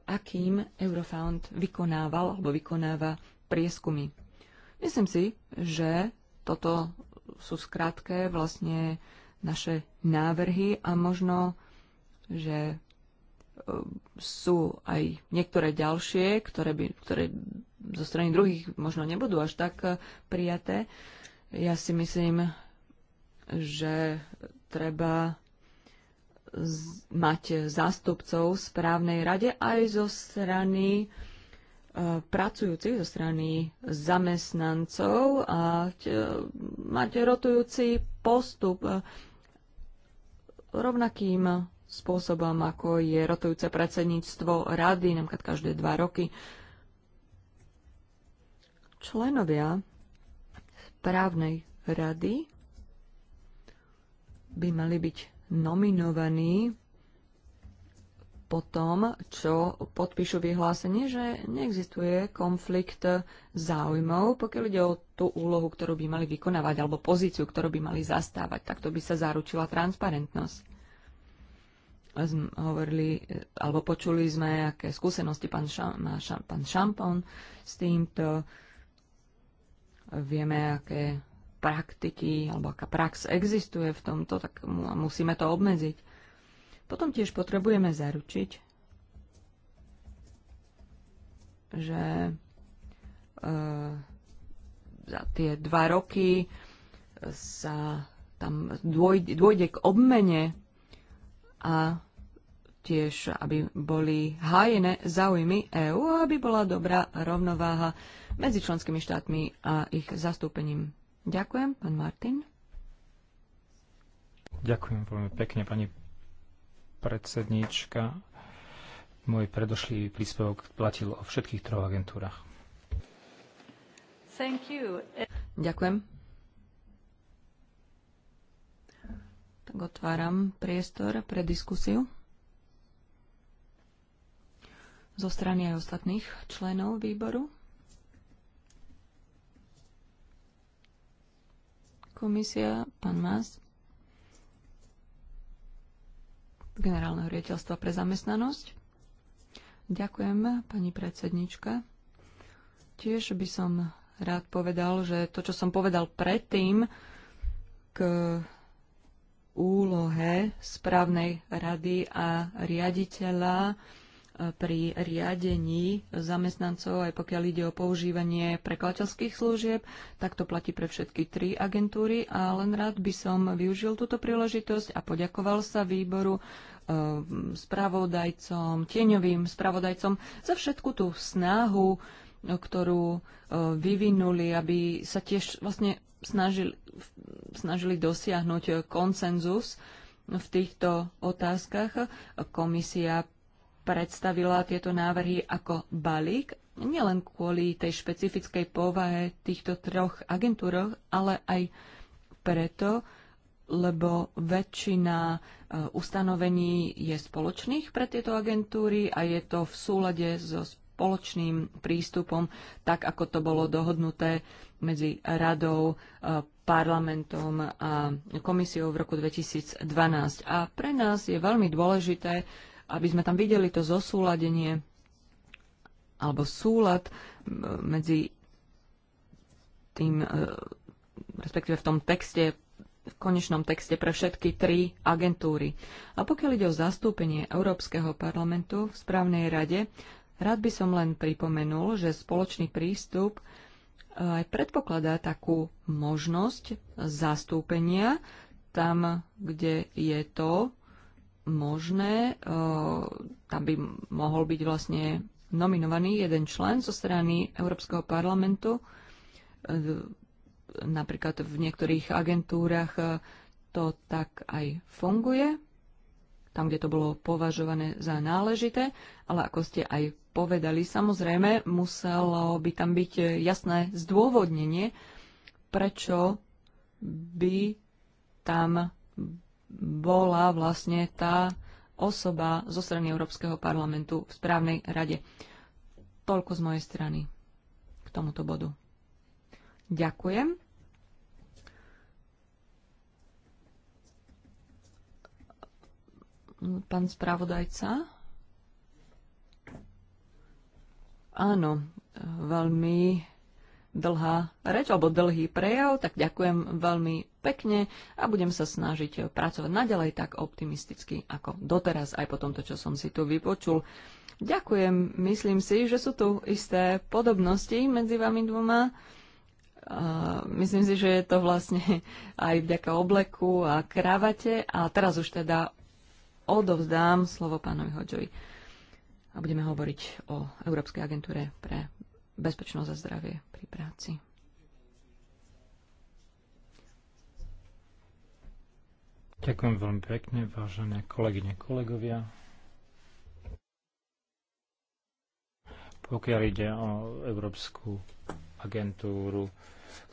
akým Eurofound vykonával alebo vykonáva prieskumy. Myslím si, že toto sú skrátke vlastne naše návrhy a možno, že e, sú aj niektoré ďalšie, ktoré, by, ktoré zo strany druhých možno nebudú až tak e, prijaté. Ja si myslím, že treba mať zástupcov v správnej rade aj zo strany uh, pracujúcich zo strany zamestnancov a mať rotujúci postup rovnakým spôsobom, ako je rotujúce predsedníctvo rady, napríklad každé dva roky. Členovia správnej rady by mali byť nominovaní po tom, čo podpíšu vyhlásenie, že neexistuje konflikt záujmov, pokiaľ ide o tú úlohu, ktorú by mali vykonávať, alebo pozíciu, ktorú by mali zastávať. tak to by sa zaručila transparentnosť. Hovorili, alebo počuli sme, aké skúsenosti pán, šam, šam, pán Šampón s týmto. Vieme, aké praktiky alebo aká prax existuje v tomto, tak musíme to obmedziť. Potom tiež potrebujeme zaručiť, že e, za tie dva roky sa tam dôjde, dôjde k obmene a tiež, aby boli hájené záujmy EÚ a aby bola dobrá rovnováha medzi členskými štátmi a ich zastúpením. Ďakujem, pán Martin. Ďakujem veľmi pekne, pani predsedníčka. Môj predošlý príspevok platil o všetkých troch agentúrach. Ďakujem. Tak otváram priestor pre diskusiu zo strany aj ostatných členov výboru. Komisia, pán Mas. Generálneho riaditeľstva pre zamestnanosť. Ďakujem pani predsednička. Tiež by som rád povedal, že to, čo som povedal predtým k úlohe správnej rady a riaditeľa, pri riadení zamestnancov, aj pokiaľ ide o používanie prekladateľských služieb, tak to platí pre všetky tri agentúry a len rád by som využil túto príležitosť a poďakoval sa výboru eh, spravodajcom, tieňovým spravodajcom za všetku tú snahu, ktorú eh, vyvinuli, aby sa tiež vlastne snažili, snažili dosiahnuť konsenzus v týchto otázkach. Komisia predstavila tieto návrhy ako balík, nielen kvôli tej špecifickej povahe týchto troch agentúrov, ale aj preto, lebo väčšina e, ustanovení je spoločných pre tieto agentúry a je to v súlade so spoločným prístupom, tak ako to bolo dohodnuté medzi radou, e, parlamentom a komisiou v roku 2012. A pre nás je veľmi dôležité, aby sme tam videli to zosúladenie alebo súlad medzi tým, e, respektíve v tom texte, v konečnom texte pre všetky tri agentúry. A pokiaľ ide o zastúpenie Európskeho parlamentu v správnej rade, rád by som len pripomenul, že spoločný prístup e, aj predpokladá takú možnosť zastúpenia tam, kde je to možné, eh, tam by mohol byť vlastne nominovaný jeden člen zo strany Európskeho parlamentu. Eh, napríklad v niektorých agentúrach eh, to tak aj funguje, tam, kde to bolo považované za náležité, ale ako ste aj povedali, samozrejme muselo by tam byť jasné zdôvodnenie, prečo by tam bola vlastne tá osoba zo strany Európskeho parlamentu v správnej rade. Toľko z mojej strany k tomuto bodu. Ďakujem. Pán spravodajca. Áno, veľmi dlhá reč alebo dlhý prejav, tak ďakujem veľmi pekne a budem sa snažiť pracovať naďalej tak optimisticky ako doteraz, aj po tomto, čo som si tu vypočul. Ďakujem, myslím si, že sú tu isté podobnosti medzi vami dvoma. Uh, myslím si, že je to vlastne aj vďaka obleku a kravate. A teraz už teda odovzdám slovo pánovi Hoďovi. a budeme hovoriť o Európskej agentúre pre bezpečnosť a zdravie pri práci. Ďakujem veľmi pekne, vážené kolegyne, kolegovia. Pokiaľ ide o Európsku agentúru,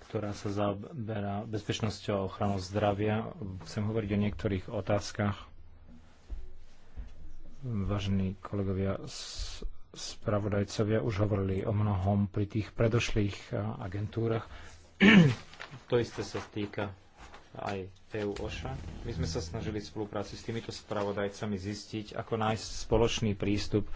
ktorá sa zaberá bezpečnosťou a ochranou zdravia, chcem hovoriť o niektorých otázkach. Vážení kolegovia, spravodajcovia už hovorili o mnohom pri tých predošlých agentúrach. to isté sa týka aj EU OŠA. My sme sa snažili v spolupráci s týmito spravodajcami zistiť, ako nájsť spoločný prístup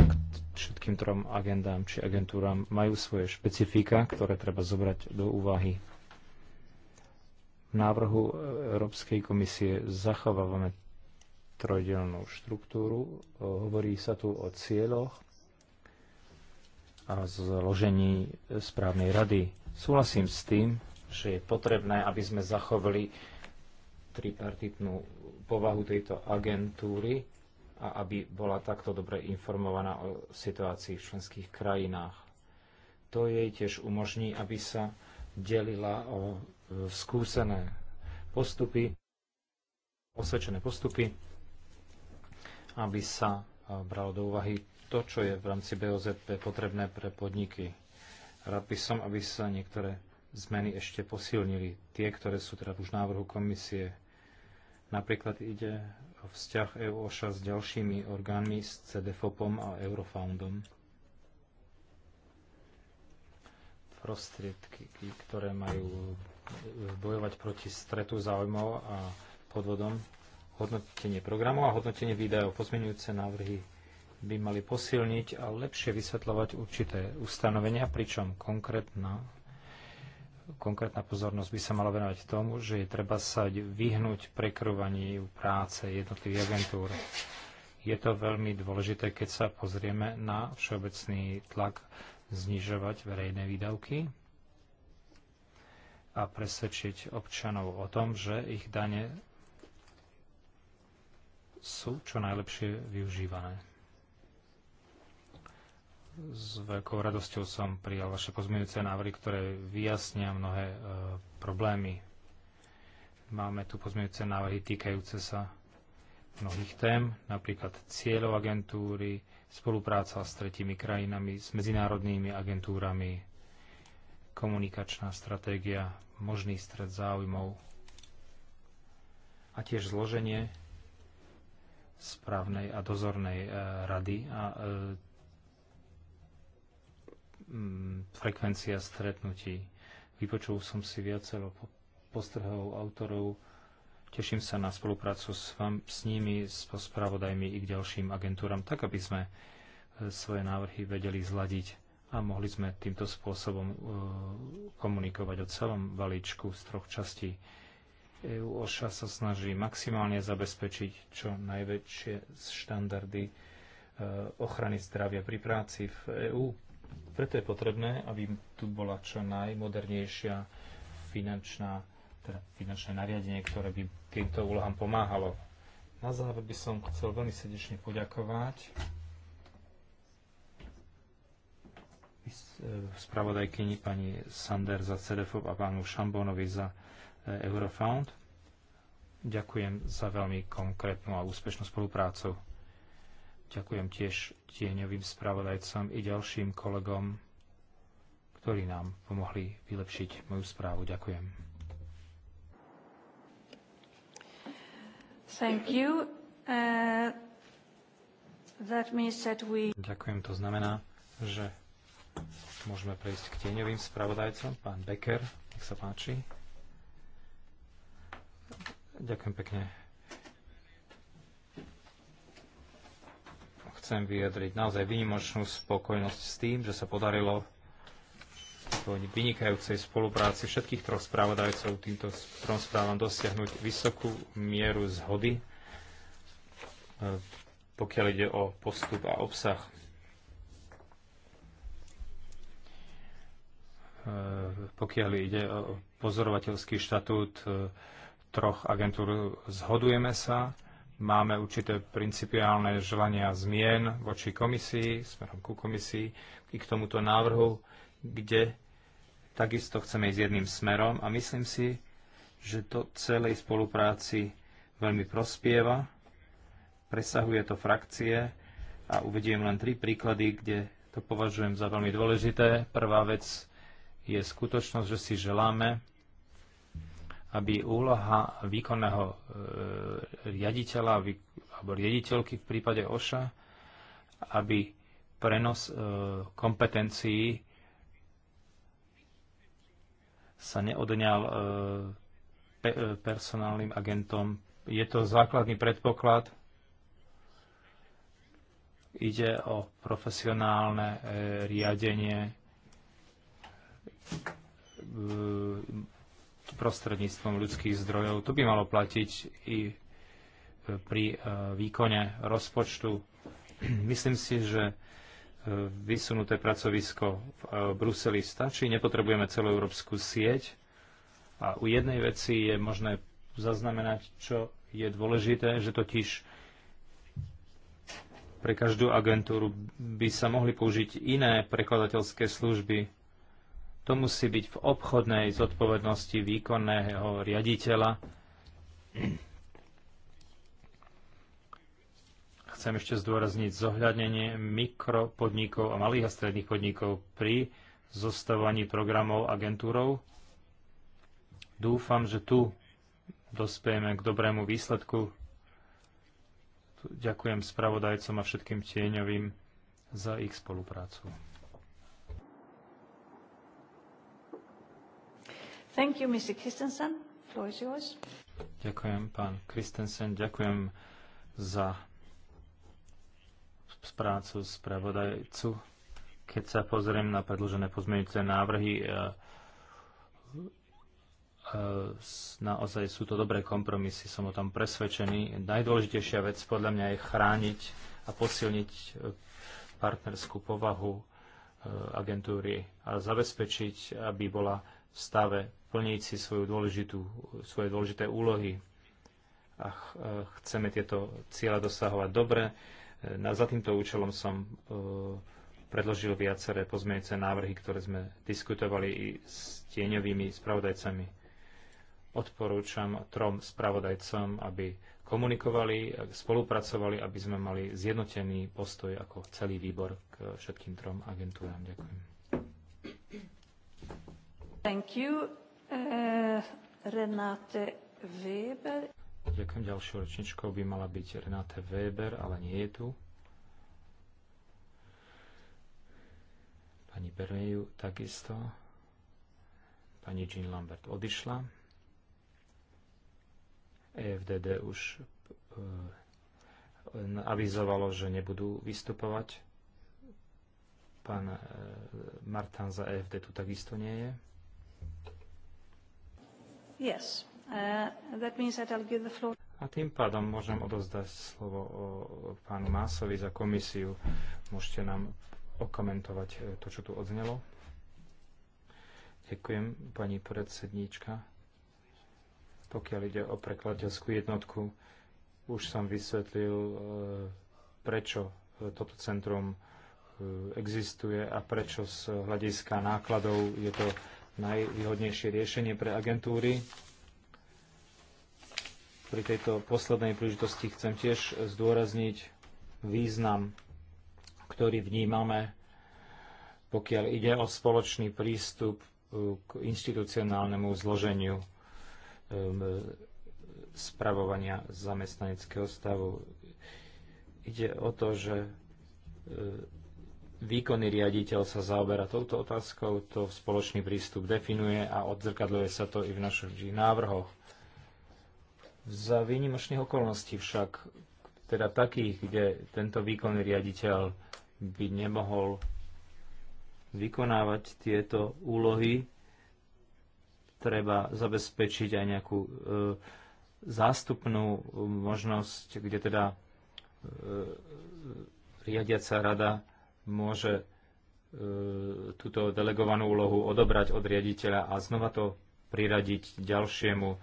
k všetkým trom agendám či agentúram. Majú svoje špecifika, ktoré treba zobrať do úvahy. V návrhu Európskej komisie zachovávame trojdelnú štruktúru. Hovorí sa tu o cieľoch a zložení správnej rady. Súhlasím s tým, že je potrebné, aby sme zachovali tripartitnú povahu tejto agentúry a aby bola takto dobre informovaná o situácii v členských krajinách. To jej tiež umožní, aby sa delila o skúsené postupy, osvedčené postupy, aby sa e, bralo do úvahy to, čo je v rámci BOZP potrebné pre podniky. Rád by som, aby sa niektoré zmeny ešte posilnili, tie, ktoré sú teda už návrhu komisie. Napríklad ide o vzťah EUOŠA s ďalšími orgánmi, s CDFOPom a Eurofoundom. Prostriedky, ktoré majú e, bojovať proti stretu záujmov a podvodom, hodnotenie programov a hodnotenie výdajov. Pozmeňujúce návrhy by mali posilniť a lepšie vysvetľovať určité ustanovenia, pričom konkrétna konkrétna pozornosť by sa mala venovať tomu, že je treba sa vyhnúť prekrovaní práce jednotlivých agentúr. Je to veľmi dôležité, keď sa pozrieme na všeobecný tlak znižovať verejné výdavky a presvedčiť občanov o tom, že ich dane sú čo najlepšie využívané. S veľkou radosťou som prijal vaše pozmeňujúce návrhy, ktoré vyjasnia mnohé e, problémy. Máme tu pozmeňujúce návrhy týkajúce sa mnohých tém, napríklad cieľov agentúry, spolupráca s tretimi krajinami, s medzinárodnými agentúrami, komunikačná stratégia, možný stred záujmov a tiež zloženie správnej a dozornej e, rady a e, Mm, frekvencia stretnutí. Vypočul som si viacero postrhov autorov. Teším sa na spoluprácu s, vám, s nimi, s spravodajmi i k ďalším agentúram, tak aby sme e, svoje návrhy vedeli zladiť a mohli sme týmto spôsobom e, komunikovať o celom balíčku z troch častí. EU OŠA sa snaží maximálne zabezpečiť čo najväčšie štandardy e, ochrany zdravia pri práci v EÚ preto je potrebné, aby tu bola čo najmodernejšia finančná, teda finančné nariadenie, ktoré by týmto úlohám pomáhalo. Na záver by som chcel veľmi srdečne poďakovať spravodajkyni pani Sander za CDFOB a pánu Šambónovi za e, Eurofound. Ďakujem za veľmi konkrétnu a úspešnú spoluprácu. Ďakujem tiež tieňovým spravodajcom i ďalším kolegom, ktorí nám pomohli vylepšiť moju správu. Ďakujem. Thank you. Uh, that means that we... Ďakujem, to znamená, že môžeme prejsť k tieňovým spravodajcom. Pán Becker, nech sa páči. Ďakujem pekne, chcem vyjadriť naozaj výnimočnú spokojnosť s tým, že sa podarilo v vynikajúcej spolupráci všetkých troch správodajcov týmto trom správam dosiahnuť vysokú mieru zhody, e, pokiaľ ide o postup a obsah. E, pokiaľ ide o pozorovateľský štatút e, troch agentúr, zhodujeme sa Máme určité principiálne želania zmien voči komisii, smerom ku komisii i k tomuto návrhu, kde takisto chceme ísť jedným smerom a myslím si, že to celej spolupráci veľmi prospieva, presahuje to frakcie a uvediem len tri príklady, kde to považujem za veľmi dôležité. Prvá vec je skutočnosť, že si želáme, aby úloha výkonného e, riaditeľa alebo riaditeľky v prípade OŠA, aby prenos e, kompetencií sa neodňal e, personálnym agentom. Je to základný predpoklad. Ide o profesionálne riadenie prostredníctvom ľudských zdrojov. To by malo platiť i e, pri e, výkone rozpočtu. Myslím si, že e, vysunuté pracovisko v Bruseli stačí. Nepotrebujeme celú európsku sieť. A u jednej veci je možné zaznamenať, čo je dôležité, že totiž pre každú agentúru by sa mohli použiť iné prekladateľské služby, to musí byť v obchodnej zodpovednosti výkonného riaditeľa. Chcem ešte zdôrazniť zohľadnenie mikropodnikov a malých a stredných podnikov pri zostavovaní programov agentúrov. Dúfam, že tu dospejeme k dobrému výsledku. Ďakujem spravodajcom a všetkým tieňovým za ich spoluprácu. Thank you, Mr. Christensen. Floor is yours. Ďakujem, pán Christensen. Ďakujem za prácu spravodajcu. Keď sa pozriem na predložené pozmeňujúce návrhy, e, e, naozaj sú to dobré kompromisy, som o tom presvedčený. Najdôležitejšia vec podľa mňa je chrániť a posilniť e, partnerskú povahu agentúry a zabezpečiť, aby bola v stave plniť si svoju dôležitú, svoje dôležité úlohy a e, chceme tieto cieľa dosahovať dobre. E, na, za týmto účelom som e, predložil viaceré pozmeňujúce návrhy, ktoré sme diskutovali i s tieňovými spravodajcami. Odporúčam trom spravodajcom, aby komunikovali, spolupracovali, aby sme mali zjednotený postoj ako celý výbor k všetkým trom agentúram. Ďakujem. Thank you. Uh, Renate Weber. Ďakujem. Ďalšou rečničkou by mala byť Renate Weber, ale nie je tu. Pani Bermeju takisto. Pani Jean Lambert odišla. EFDD už e, avizovalo, že nebudú vystupovať. Pán e, Martán za EFD tu takisto nie je. Yes. Uh, that means that I'll give the floor. A tým pádom môžem odovzdať slovo o, pánu Másovi za komisiu. Môžete nám okomentovať e, to, čo tu odznelo. Ďakujem, pani predsedníčka. Pokiaľ ide o prekladateľskú jednotku, už som vysvetlil, e, prečo e, toto centrum existuje a prečo z hľadiska nákladov je to najvýhodnejšie riešenie pre agentúry. Pri tejto poslednej príležitosti chcem tiež zdôrazniť význam, ktorý vnímame, pokiaľ ide o spoločný prístup e, k inštitucionálnemu zloženiu e, spravovania zamestnaneckého stavu. Ide o to, že e, Výkonný riaditeľ sa zaoberá touto otázkou, to spoločný prístup definuje a odzrkadľuje sa to i v našich návrhoch. Za výnimočných okolností však, teda takých, kde tento výkonný riaditeľ by nemohol vykonávať tieto úlohy, treba zabezpečiť aj nejakú e, zástupnú možnosť, kde teda e, riadiaca rada môže e, túto delegovanú úlohu odobrať od riaditeľa a znova to priradiť ďalšiemu e,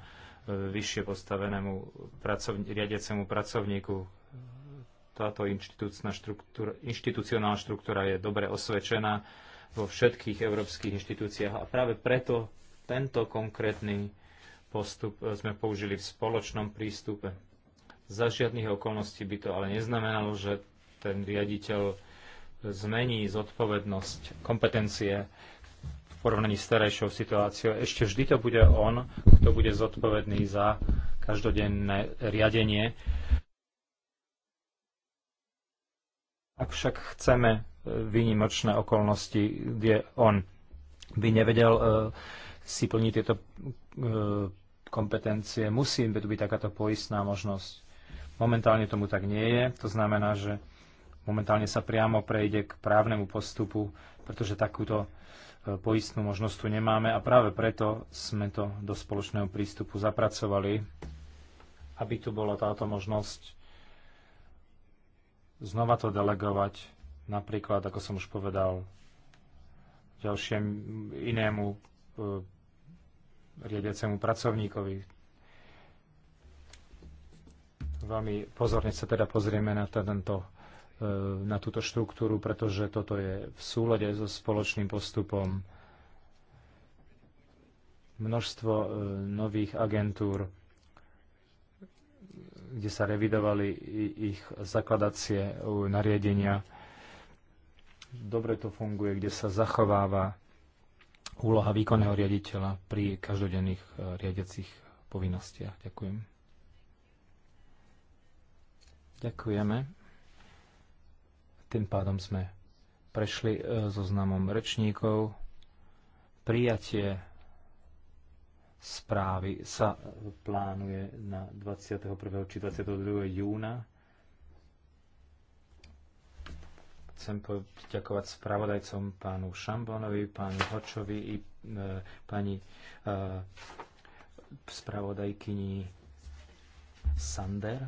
vyššie postavenému pracovní, riadiacemu pracovníku. Táto štruktúra, inštitucionálna štruktúra je dobre osvedčená vo všetkých európskych inštitúciách a práve preto tento konkrétny postup e, sme použili v spoločnom prístupe. Za žiadnych okolností by to ale neznamenalo, že ten riaditeľ zmení zodpovednosť, kompetencie v porovnaní s terajšou situáciou. Ešte vždy to bude on, kto bude zodpovedný za každodenné riadenie. Ak však chceme e, výnimočné okolnosti, kde on by nevedel e, si plniť tieto e, kompetencie, musí tu byť takáto poistná možnosť. Momentálne tomu tak nie je. To znamená, že Momentálne sa priamo prejde k právnemu postupu, pretože takúto e, poistnú možnosť tu nemáme a práve preto sme to do spoločného prístupu zapracovali, aby tu bola táto možnosť znova to delegovať, napríklad, ako som už povedal, ďalšiemu inému e, riadiacemu pracovníkovi. Veľmi pozorne sa teda pozrieme na tento na túto štruktúru, pretože toto je v súlade so spoločným postupom. Množstvo e, nových agentúr, kde sa revidovali ich zakladacie e, nariadenia, dobre to funguje, kde sa zachováva úloha výkonného riaditeľa pri každodenných e, riadiacich povinnostiach. Ďakujem. Ďakujeme. Tým pádom sme prešli e, zoznamom znamom rečníkov. Prijatie správy sa e, plánuje na 21. či 22. júna. Chcem poďakovať spravodajcom pánu Šambonovi, pánu Hočovi i e, pani e, spravodajkyni Sander.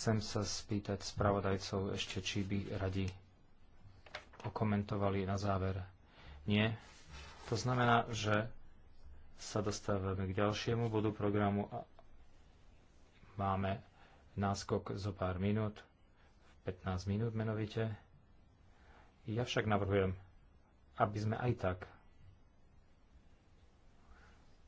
Chcem sa spýtať spravodajcov ešte, či by radi okomentovali na záver. Nie. To znamená, že sa dostávame k ďalšiemu bodu programu a máme náskok zo pár minút, 15 minút menovite. Ja však navrhujem, aby sme aj tak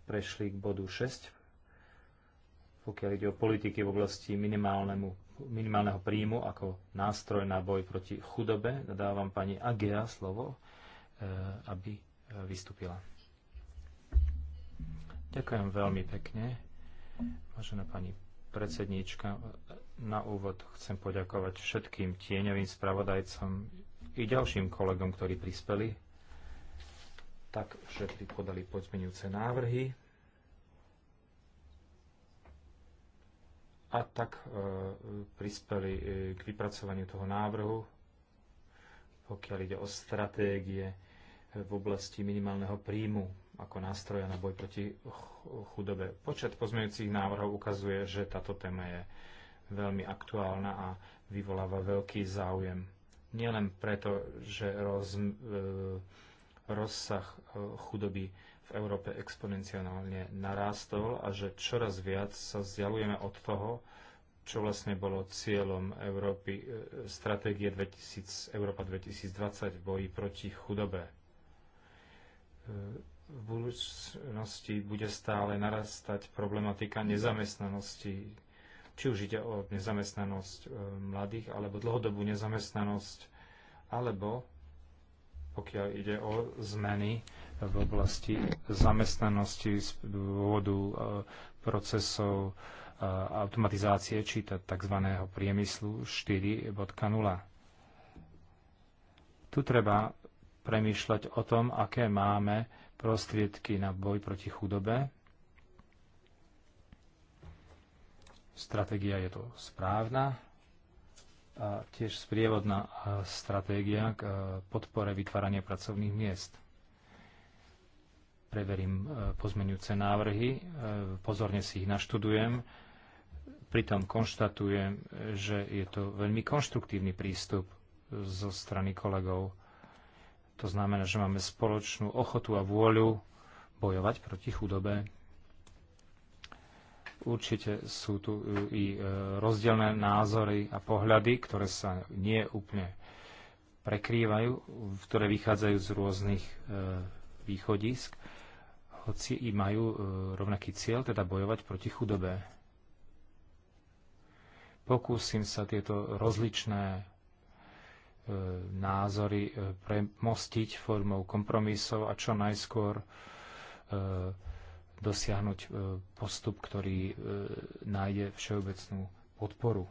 prešli k bodu 6, pokiaľ ide o politiky v oblasti minimálnemu minimálneho príjmu ako nástroj na boj proti chudobe. Dávam pani Agea slovo, e, aby e, vystúpila. Ďakujem veľmi pekne. Vážená pani predsedníčka, na úvod chcem poďakovať všetkým tieňovým spravodajcom i ďalším kolegom, ktorí prispeli, tak všetci podali pozmenujúce návrhy. a tak e, prispeli e, k vypracovaniu toho návrhu, pokiaľ ide o stratégie e, v oblasti minimálneho príjmu ako nástroja na boj proti chudobe. Počet pozmeňujúcich návrhov ukazuje, že táto téma je veľmi aktuálna a vyvoláva veľký záujem. Nielen preto, že roz, rozsah chudoby v Európe exponenciálne narástol a že čoraz viac sa vzdialujeme od toho, čo vlastne bolo cieľom Európy, e, stratégie 2000, Európa 2020 v boji proti chudobe. E, v budúcnosti bude stále narastať problematika nezamestnanosti, či už ide o nezamestnanosť e, mladých, alebo dlhodobú nezamestnanosť, alebo pokiaľ ide o zmeny v oblasti zamestnanosti z dôvodu e, procesov e, automatizácie či tzv. priemyslu 4.0. Tu treba premýšľať o tom, aké máme prostriedky na boj proti chudobe. Stratégia je to správna a tiež sprievodná stratégia k e, podpore vytvárania pracovných miest preverím e, pozmenujúce návrhy, e, pozorne si ich naštudujem, pritom konštatujem, že je to veľmi konštruktívny prístup zo strany kolegov. To znamená, že máme spoločnú ochotu a vôľu bojovať proti chudobe. Určite sú tu e, i rozdielne názory a pohľady, ktoré sa nie úplne prekrývajú, ktoré vychádzajú z rôznych východisk hoci i majú e, rovnaký cieľ, teda bojovať proti chudobe. Pokúsim sa tieto rozličné e, názory e, premostiť formou kompromisov a čo najskôr dosiahnuť postup, ktorý nájde všeobecnú podporu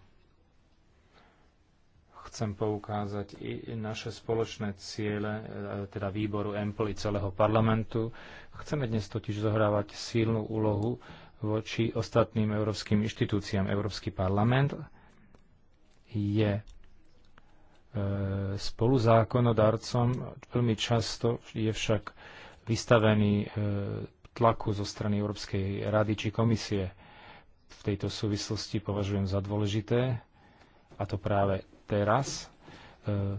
chcem poukázať i naše spoločné ciele, e, teda výboru EMPLI celého parlamentu. Chceme dnes totiž zohrávať silnú úlohu voči ostatným európskym inštitúciám. Európsky parlament je e, spoluzákonodarcom, veľmi často je však vystavený e, tlaku zo strany Európskej rady či komisie. V tejto súvislosti považujem za dôležité, a to práve teraz, e,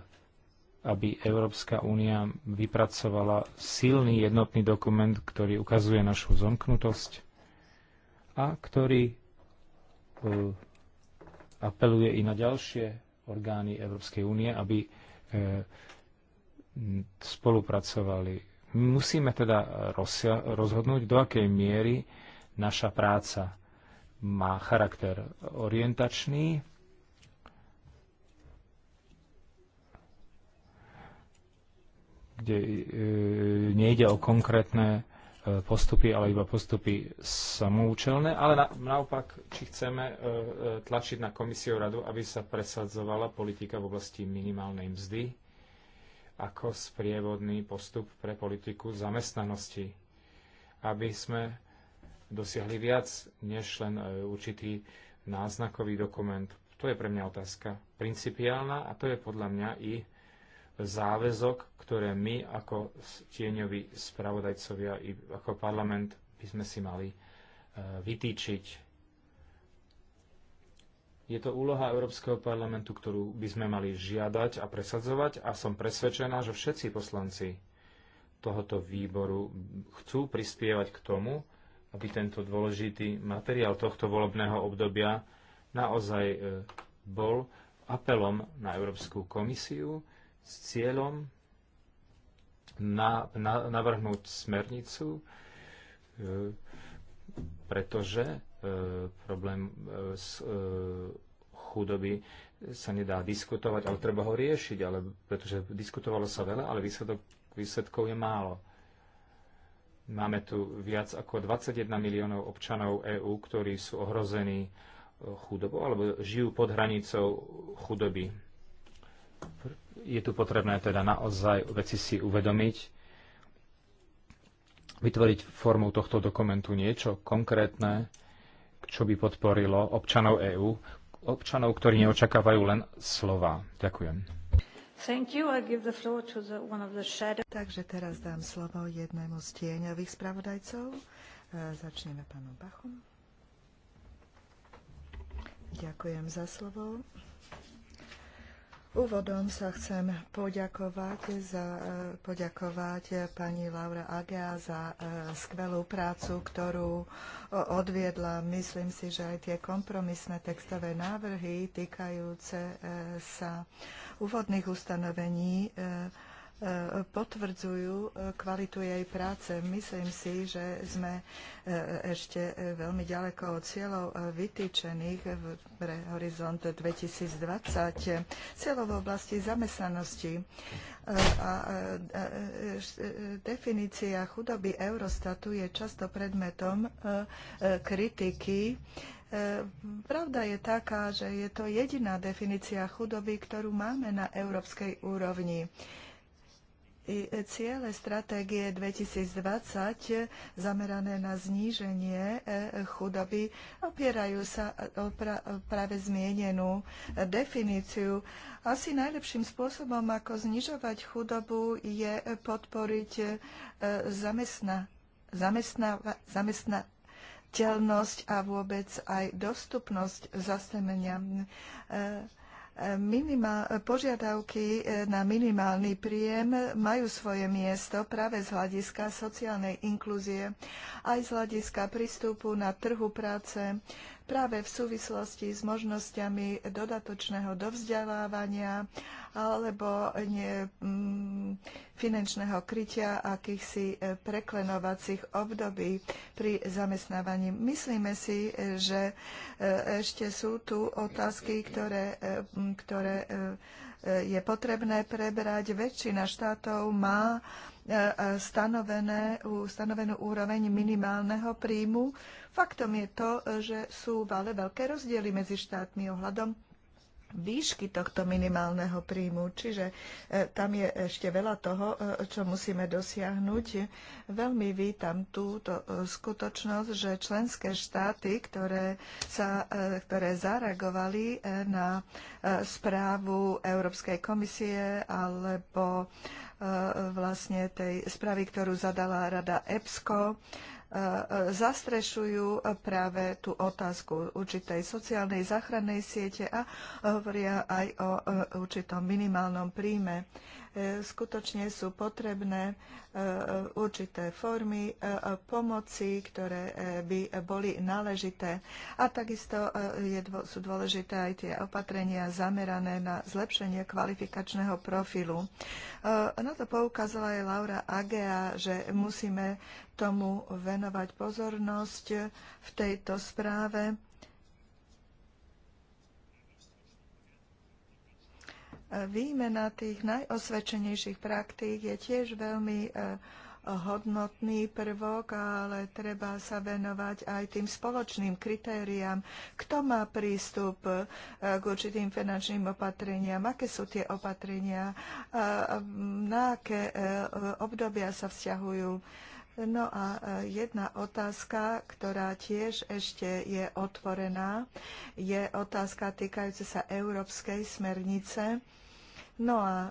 aby Európska únia vypracovala silný jednotný dokument, ktorý ukazuje našu zomknutosť a ktorý e, apeluje i na ďalšie orgány Európskej únie, aby e, spolupracovali. Musíme teda rozhodnúť, do akej miery naša práca má charakter orientačný, kde e, nejde o konkrétne e, postupy, ale iba postupy samoučelné, ale na, naopak, či chceme e, tlačiť na komisiu radu, aby sa presadzovala politika v oblasti minimálnej mzdy ako sprievodný postup pre politiku zamestnanosti, aby sme dosiahli viac než len určitý náznakový dokument. To je pre mňa otázka principiálna a to je podľa mňa i záväzok, ktoré my ako tieňoví spravodajcovia i ako parlament by sme si mali e, vytýčiť. Je to úloha Európskeho parlamentu, ktorú by sme mali žiadať a presadzovať a som presvedčená, že všetci poslanci tohoto výboru chcú prispievať k tomu, aby tento dôležitý materiál tohto volebného obdobia naozaj e, bol apelom na Európsku komisiu, s cieľom na, na, navrhnúť smernicu, e, pretože e, problém z e, chudoby sa nedá diskutovať, ale treba ho riešiť, ale, pretože diskutovalo sa veľa, ale výsledok, výsledkov je málo. Máme tu viac ako 21 miliónov občanov EÚ, ktorí sú ohrození chudobou alebo žijú pod hranicou chudoby je tu potrebné teda naozaj veci si uvedomiť, vytvoriť formou tohto dokumentu niečo konkrétne, čo by podporilo občanov EÚ, občanov, ktorí neočakávajú len slova. Ďakujem. Takže teraz dám slovo jednému z tieňových spravodajcov. E, začneme pánom Bachom. Ďakujem za slovo. Úvodom sa chcem poďakovať, za, eh, poďakovať pani Laura Agea za eh, skvelú prácu, ktorú eh, odviedla. Myslím si, že aj tie kompromisné textové návrhy týkajúce sa úvodných ustanovení potvrdzujú e, kvalitu jej práce. Myslím si, že sme e, ešte e, veľmi ďaleko od cieľov vytýčených pre horizont 2020, cieľov v oblasti zamestnanosti. A definícia chudoby Eurostatu je často predmetom kritiky Pravda je taká, že je to jediná definícia chudoby, ktorú máme na európskej úrovni i ciele stratégie 2020 zamerané na zníženie e, chudoby opierajú sa o práve zmienenú definíciu. Asi najlepším spôsobom, ako znižovať chudobu, je podporiť e, zamestna, zamestna, zamestna a vôbec aj dostupnosť zasemenia. E, požiadavky e, na minimálny príjem majú svoje miesto práve z hľadiska sociálnej inklúzie, aj z hľadiska prístupu na trhu práce, práve v súvislosti s možnosťami dodatočného dovzdelávania alebo nie, mm, finančného krytia akýchsi e, preklenovacích období pri zamestnávaní. Myslíme si, že e, ešte sú tu otázky, ktoré, e, ktoré je potrebné prebrať. Väčšina štátov má e, e, stanovené, stanovenú úroveň minimálneho príjmu. Faktom je to, e, že sú ale veľké rozdiely medzi štátmi ohľadom výšky tohto minimálneho príjmu. Čiže e, tam je ešte veľa toho, e, čo musíme dosiahnuť. Veľmi vítam túto e, skutočnosť, že členské štáty, ktoré, sa, ktoré zareagovali na správu Európskej komisie alebo vlastne tej správy, ktorú zadala Rada EPSCO, zastrešujú práve tú otázku určitej sociálnej záchrannej siete a hovoria aj o e, určitom minimálnom príjme. E, skutočne sú potrebné e, určité formy e, pomoci, ktoré by boli náležité. A takisto sú dôležité aj tie opatrenia zamerané na zlepšenie kvalifikačného profilu. Na to poukázala aj Laura Agea, že musíme tomu venovať pozornosť v tejto správe Výmena tých najosvedčenejších praktík je tiež veľmi e, hodnotný prvok, ale treba sa venovať aj tým spoločným kritériám, kto má prístup e, k určitým finančným opatreniam, aké sú tie opatrenia, e, na aké obdobia sa vzťahujú. No a jedna otázka, ktorá tiež ešte je otvorená, je otázka týkajúca sa európskej smernice No a e,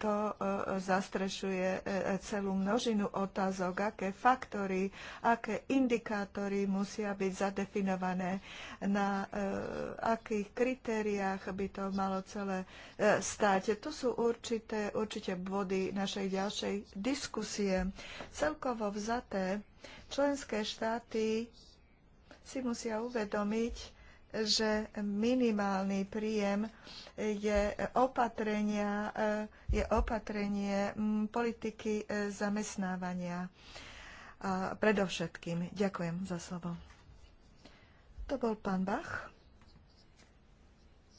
to e, zastrešuje e, celú množinu otázok, aké faktory, aké indikátory musia byť zadefinované, na akých kritériách by to malo celé stať. To sú určité, určite body našej ďalšej diskusie. Celkovo vzaté členské štáty si musia uvedomiť, že minimálny príjem je, opatrenia, e, je opatrenie politiky e, zamestnávania. A predovšetkým ďakujem za slovo. To bol pán Bach.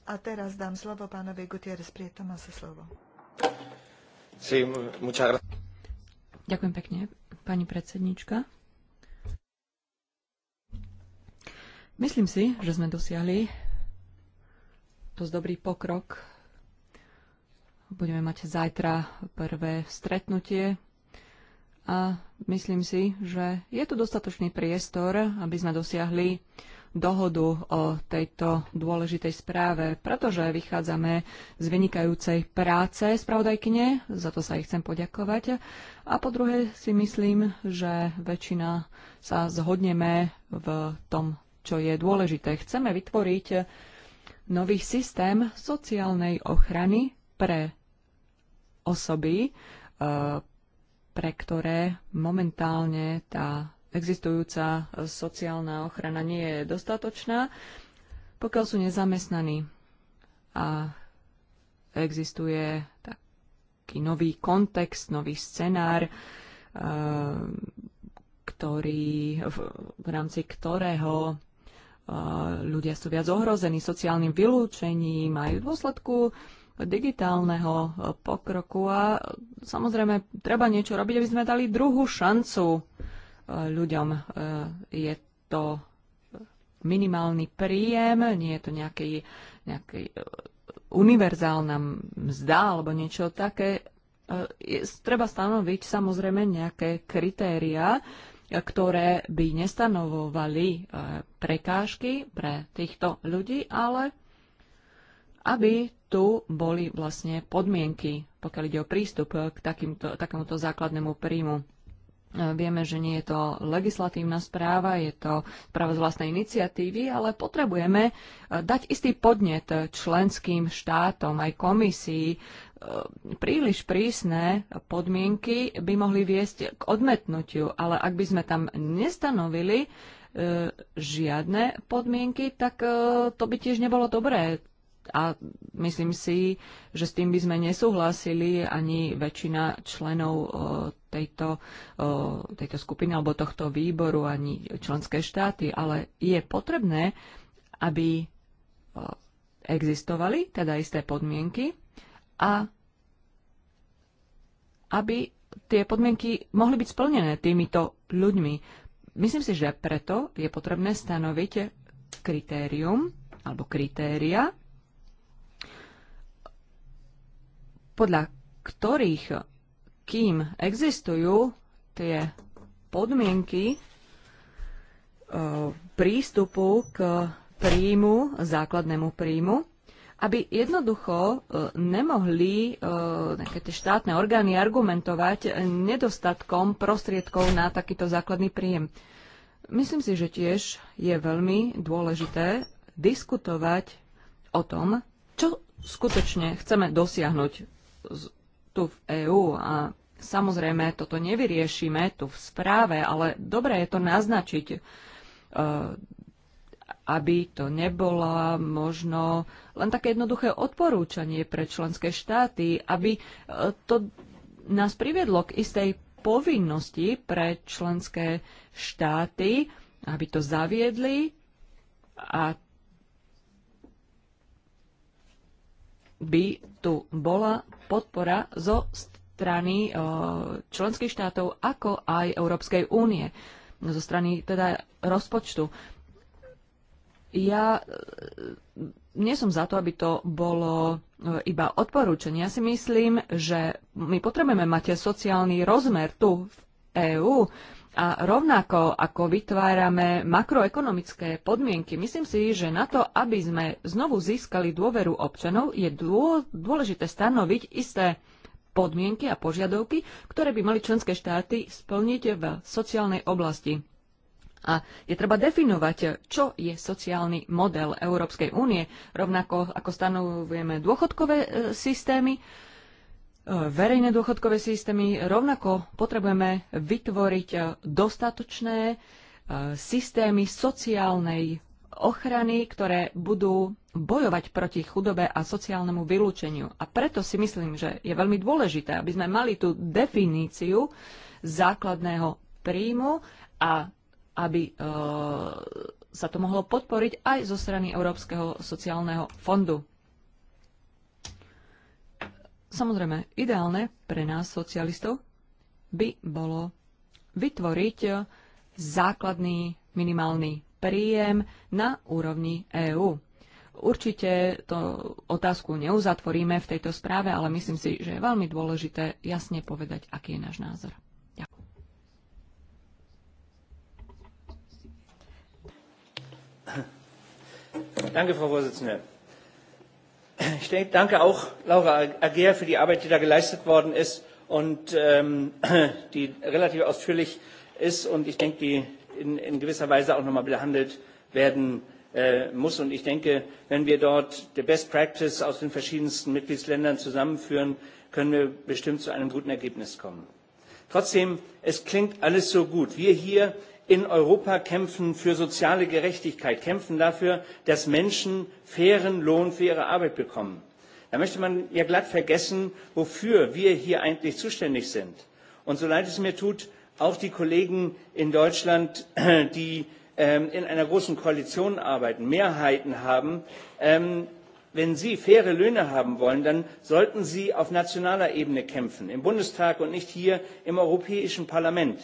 A teraz dám slovo pánovi Gutierrez Prieto, má sa slovo. Sí, muchas gracias. Ďakujem pekne, pani predsednička. Myslím si, že sme dosiahli dosť dobrý pokrok. Budeme mať zajtra prvé stretnutie a myslím si, že je tu dostatočný priestor, aby sme dosiahli dohodu o tejto dôležitej správe, pretože vychádzame z vynikajúcej práce spravodajkyne, za to sa ich chcem poďakovať. A po druhé si myslím, že väčšina sa zhodneme v tom čo je dôležité. Chceme vytvoriť nový systém sociálnej ochrany pre osoby, e, pre ktoré momentálne tá existujúca sociálna ochrana nie je dostatočná, pokiaľ sú nezamestnaní. A existuje taký nový kontext, nový scenár, e, ktorý, v, v rámci ktorého ľudia sú viac ohrození sociálnym vylúčením aj v dôsledku digitálneho e, pokroku a samozrejme treba niečo robiť, aby sme dali druhú šancu e, ľuďom. E, je to minimálny príjem, nie je to nejaký, nejaký univerzálna mzda alebo niečo také. Treba stanoviť samozrejme nejaké kritéria, ktoré by nestanovovali e, prekážky pre týchto ľudí, ale aby tu boli vlastne podmienky, pokiaľ ide o prístup k takýmto, takémuto základnému príjmu. E, vieme, že nie je to legislatívna správa, je to správa z vlastnej iniciatívy, ale potrebujeme e, dať istý podnet členským štátom, aj komisii, E, príliš prísne podmienky by mohli viesť k odmetnutiu, ale ak by sme tam nestanovili e, žiadne podmienky, tak e, to by tiež nebolo dobré. A myslím si, že s tým by sme nesúhlasili ani väčšina členov tejto, tejto skupiny alebo tohto výboru, ani členské štáty. Ale je potrebné, aby existovali teda isté podmienky a aby tie podmienky mohli byť splnené týmito ľuďmi. Myslím si, že preto je potrebné stanoviť kritérium alebo kritéria, podľa ktorých, kým existujú tie podmienky e, prístupu k príjmu, základnému príjmu, aby jednoducho e, nemohli e, nejaké tie štátne orgány argumentovať e, nedostatkom prostriedkov na takýto základný príjem. Myslím si, že tiež je veľmi dôležité diskutovať o tom, čo skutočne chceme dosiahnuť tu v EÚ a samozrejme toto nevyriešime tu v správe, ale dobre je to naznačiť aby to nebola možno len také jednoduché odporúčanie pre členské štáty, aby e, to nás priviedlo k istej povinnosti pre členské štáty, aby to zaviedli a by tu bola podpora zo strany e, členských štátov ako aj Európskej únie zo strany teda rozpočtu. Ja e, nie som za to, aby to bolo e, iba odporúčanie. Ja si myslím, že my potrebujeme mať sociálny rozmer tu v EÚ a rovnako ako vytvárame makroekonomické podmienky, myslím si, že na to, aby sme znovu získali dôveru občanov, je dôležité stanoviť isté podmienky a požiadavky, ktoré by mali členské štáty splniť v sociálnej oblasti. A je treba definovať, čo je sociálny model Európskej únie, rovnako ako stanovujeme dôchodkové e, systémy, e, verejné dôchodkové systémy, rovnako potrebujeme vytvoriť e, dostatočné systémy sociálnej ochrany, ktoré budú bojovať proti chudobe a sociálnemu vylúčeniu. A preto si myslím, že je veľmi dôležité, aby sme mali tú definíciu základného príjmu a aby e, sa to mohlo podporiť aj zo strany Európskeho sociálneho fondu. Samozrejme, ideálne pre nás, socialistov, by bolo vytvoriť základný minimálny príjem na úrovni EÚ. Určite to otázku neuzatvoríme v tejto správe, ale myslím si, že je veľmi dôležité jasne povedať, aký je náš názor. Danke, Frau Vorsitzende. Ich danke auch Laura Ager für die Arbeit, die da geleistet worden ist und ähm, die relativ ausführlich ist und ich denke, die in, in gewisser Weise auch nochmal behandelt werden äh, muss. Und ich denke, wenn wir dort die Best Practice aus den verschiedensten Mitgliedsländern zusammenführen, können wir bestimmt zu einem guten Ergebnis kommen. Trotzdem, es klingt alles so gut. Wir hier in Europa kämpfen für soziale Gerechtigkeit, kämpfen dafür, dass Menschen fairen Lohn für ihre Arbeit bekommen. Da möchte man ja glatt vergessen, wofür wir hier eigentlich zuständig sind. Und so leid es mir tut, auch die Kollegen in Deutschland, die ähm, in einer großen Koalition arbeiten, Mehrheiten haben, ähm, wenn Sie faire Löhne haben wollen, dann sollten Sie auf nationaler Ebene kämpfen, im Bundestag und nicht hier im Europäischen Parlament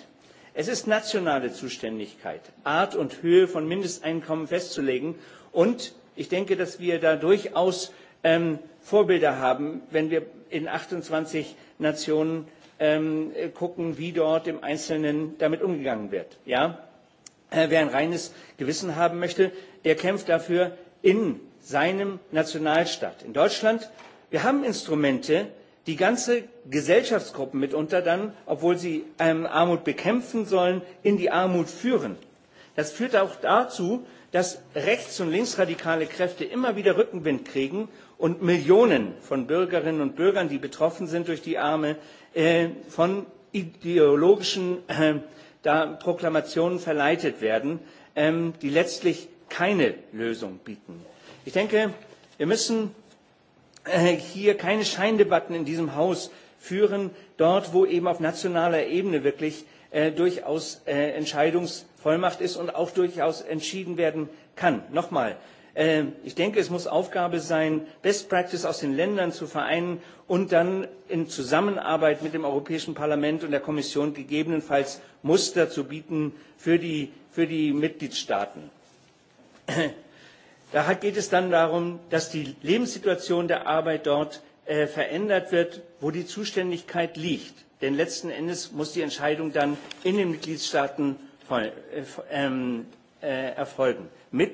Es ist nationale Zuständigkeit, Art und Höhe von Mindesteinkommen festzulegen. Und ich denke, dass wir da durchaus ähm, Vorbilder haben, wenn wir in achtundzwanzig Nationen ähm, gucken, wie dort im Einzelnen damit umgegangen wird. Ja? Äh, wer ein reines Gewissen haben möchte, der kämpft dafür in seinem Nationalstaat. In Deutschland, wir haben Instrumente, die ganze Gesellschaftsgruppen mitunter dann, obwohl sie ähm, Armut bekämpfen sollen, in die Armut führen. Das führt auch dazu, dass rechts- und linksradikale Kräfte immer wieder Rückenwind kriegen und Millionen von Bürgerinnen und Bürgern, die betroffen sind durch die Arme, äh, von ideologischen äh, da Proklamationen verleitet werden, ähm, die letztlich keine Lösung bieten. Ich denke, wir müssen Äh, hier keine Scheindebatten in diesem Haus führen, dort wo eben auf nationaler Ebene wirklich äh, durchaus äh, Entscheidungsvollmacht ist und auch durchaus entschieden werden kann. Nochmal, äh, ich denke, es muss Aufgabe sein, Best Practice aus den Ländern zu vereinen und dann in Zusammenarbeit mit dem Europäischen Parlament und der Kommission gegebenenfalls Muster zu bieten für die, für die Mitgliedstaaten. Da geht es dann darum, dass die Lebenssituation der Arbeit dort äh, verändert wird, wo die Zuständigkeit liegt. Denn letzten Endes muss die Entscheidung dann in den Mitgliedstaaten voll, äh, ähm, äh, erfolgen. Mit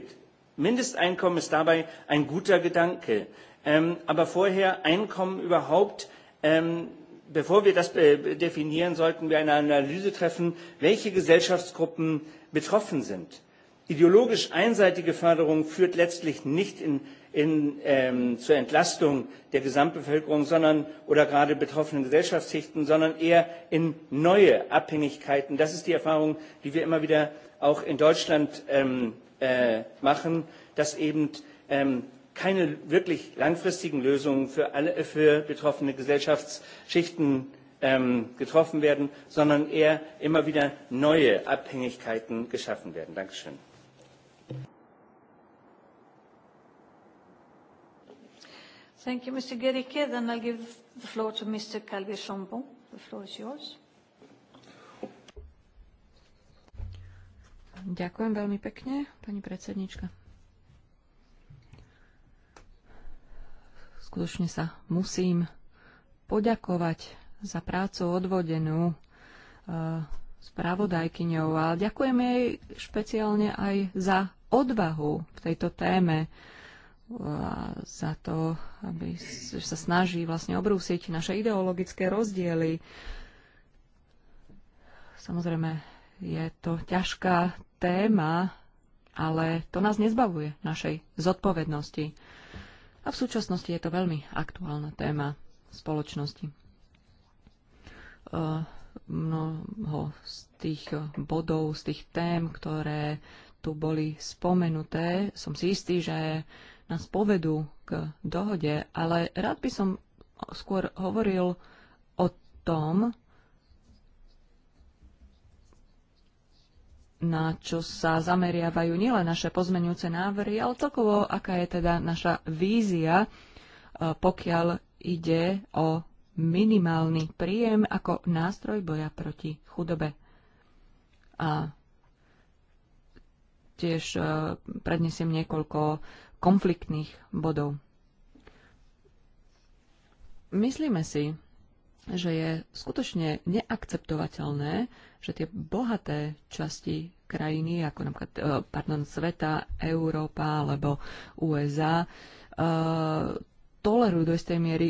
Mindesteinkommen ist dabei ein guter Gedanke. Ähm, aber vorher Einkommen überhaupt ähm, bevor wir das äh, definieren, sollten wir eine Analyse treffen, welche Gesellschaftsgruppen betroffen sind. Ideologisch einseitige Förderung führt letztlich nicht in, in, ähm, zur Entlastung der Gesamtbevölkerung sondern, oder gerade betroffenen Gesellschaftsschichten, sondern eher in neue Abhängigkeiten. Das ist die Erfahrung, die wir immer wieder auch in Deutschland ähm, äh, machen, dass eben ähm, keine wirklich langfristigen Lösungen für, alle, für betroffene Gesellschaftsschichten ähm, getroffen werden, sondern eher immer wieder neue Abhängigkeiten geschaffen werden. Dankeschön. Thank you, Mr. Gericke. Then I'll give the floor to Mr. chambon The floor is yours. Ďakujem veľmi pekne, pani predsednička. Skutočne sa musím poďakovať za prácu odvodenú eh, spravodajkyňou ale ďakujem jej špeciálne aj za odvahu v tejto téme za to, aby sa snaží vlastne obrúsiť naše ideologické rozdiely. Samozrejme, je to ťažká téma, ale to nás nezbavuje našej zodpovednosti. A v súčasnosti je to veľmi aktuálna téma spoločnosti. Eh, mnoho z tých bodov, z tých tém, ktoré tu boli spomenuté, som si istý, že nás povedú k dohode, ale rád by som skôr hovoril o tom, na čo sa zameriavajú nielen naše pozmenujúce návrhy, ale celkovo aká je teda naša vízia, e, pokiaľ ide o minimálny príjem ako nástroj boja proti chudobe. A tiež e, prednesiem niekoľko konfliktných bodov. Myslíme si, že je skutočne neakceptovateľné, že tie bohaté časti krajiny, ako napríklad, e, pardon, sveta, Európa alebo USA, e, tolerujú do istej miery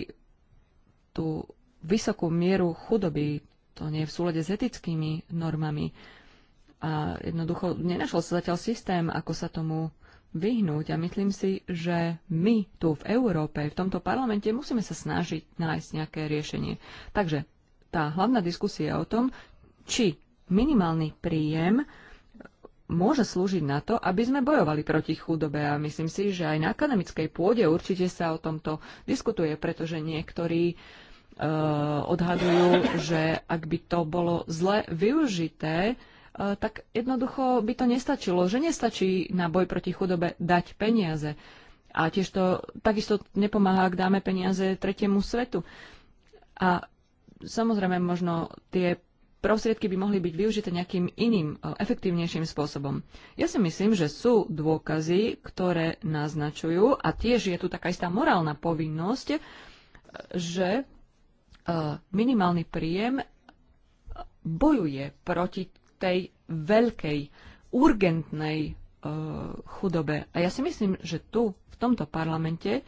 tú vysokú mieru chudoby. To nie je v súlade s etickými normami. A jednoducho nenašiel sa zatiaľ systém, ako sa tomu vyhnúť. A myslím si, že my tu v Európe, v tomto parlamente musíme sa snažiť nájsť nejaké riešenie. Takže tá hlavná diskusia je o tom, či minimálny príjem môže slúžiť na to, aby sme bojovali proti chudobe. A myslím si, že aj na akademickej pôde určite sa o tomto diskutuje, pretože niektorí uh, odhadujú, že ak by to bolo zle využité, uh, Eh, tak jednoducho by to nestačilo, že nestačí na boj proti chudobe dať peniaze. A tiež to takisto nepomáha, ak dáme peniaze tretiemu svetu. A samozrejme, možno tie prostriedky by mohli byť využité nejakým iným, eh, efektívnejším spôsobom. Ja si myslím, že sú dôkazy, ktoré naznačujú, a tiež je tu taká istá morálna povinnosť, eh, že minimálny príjem bojuje proti tej veľkej, urgentnej e, chudobe. A ja si myslím, že tu, v tomto parlamente,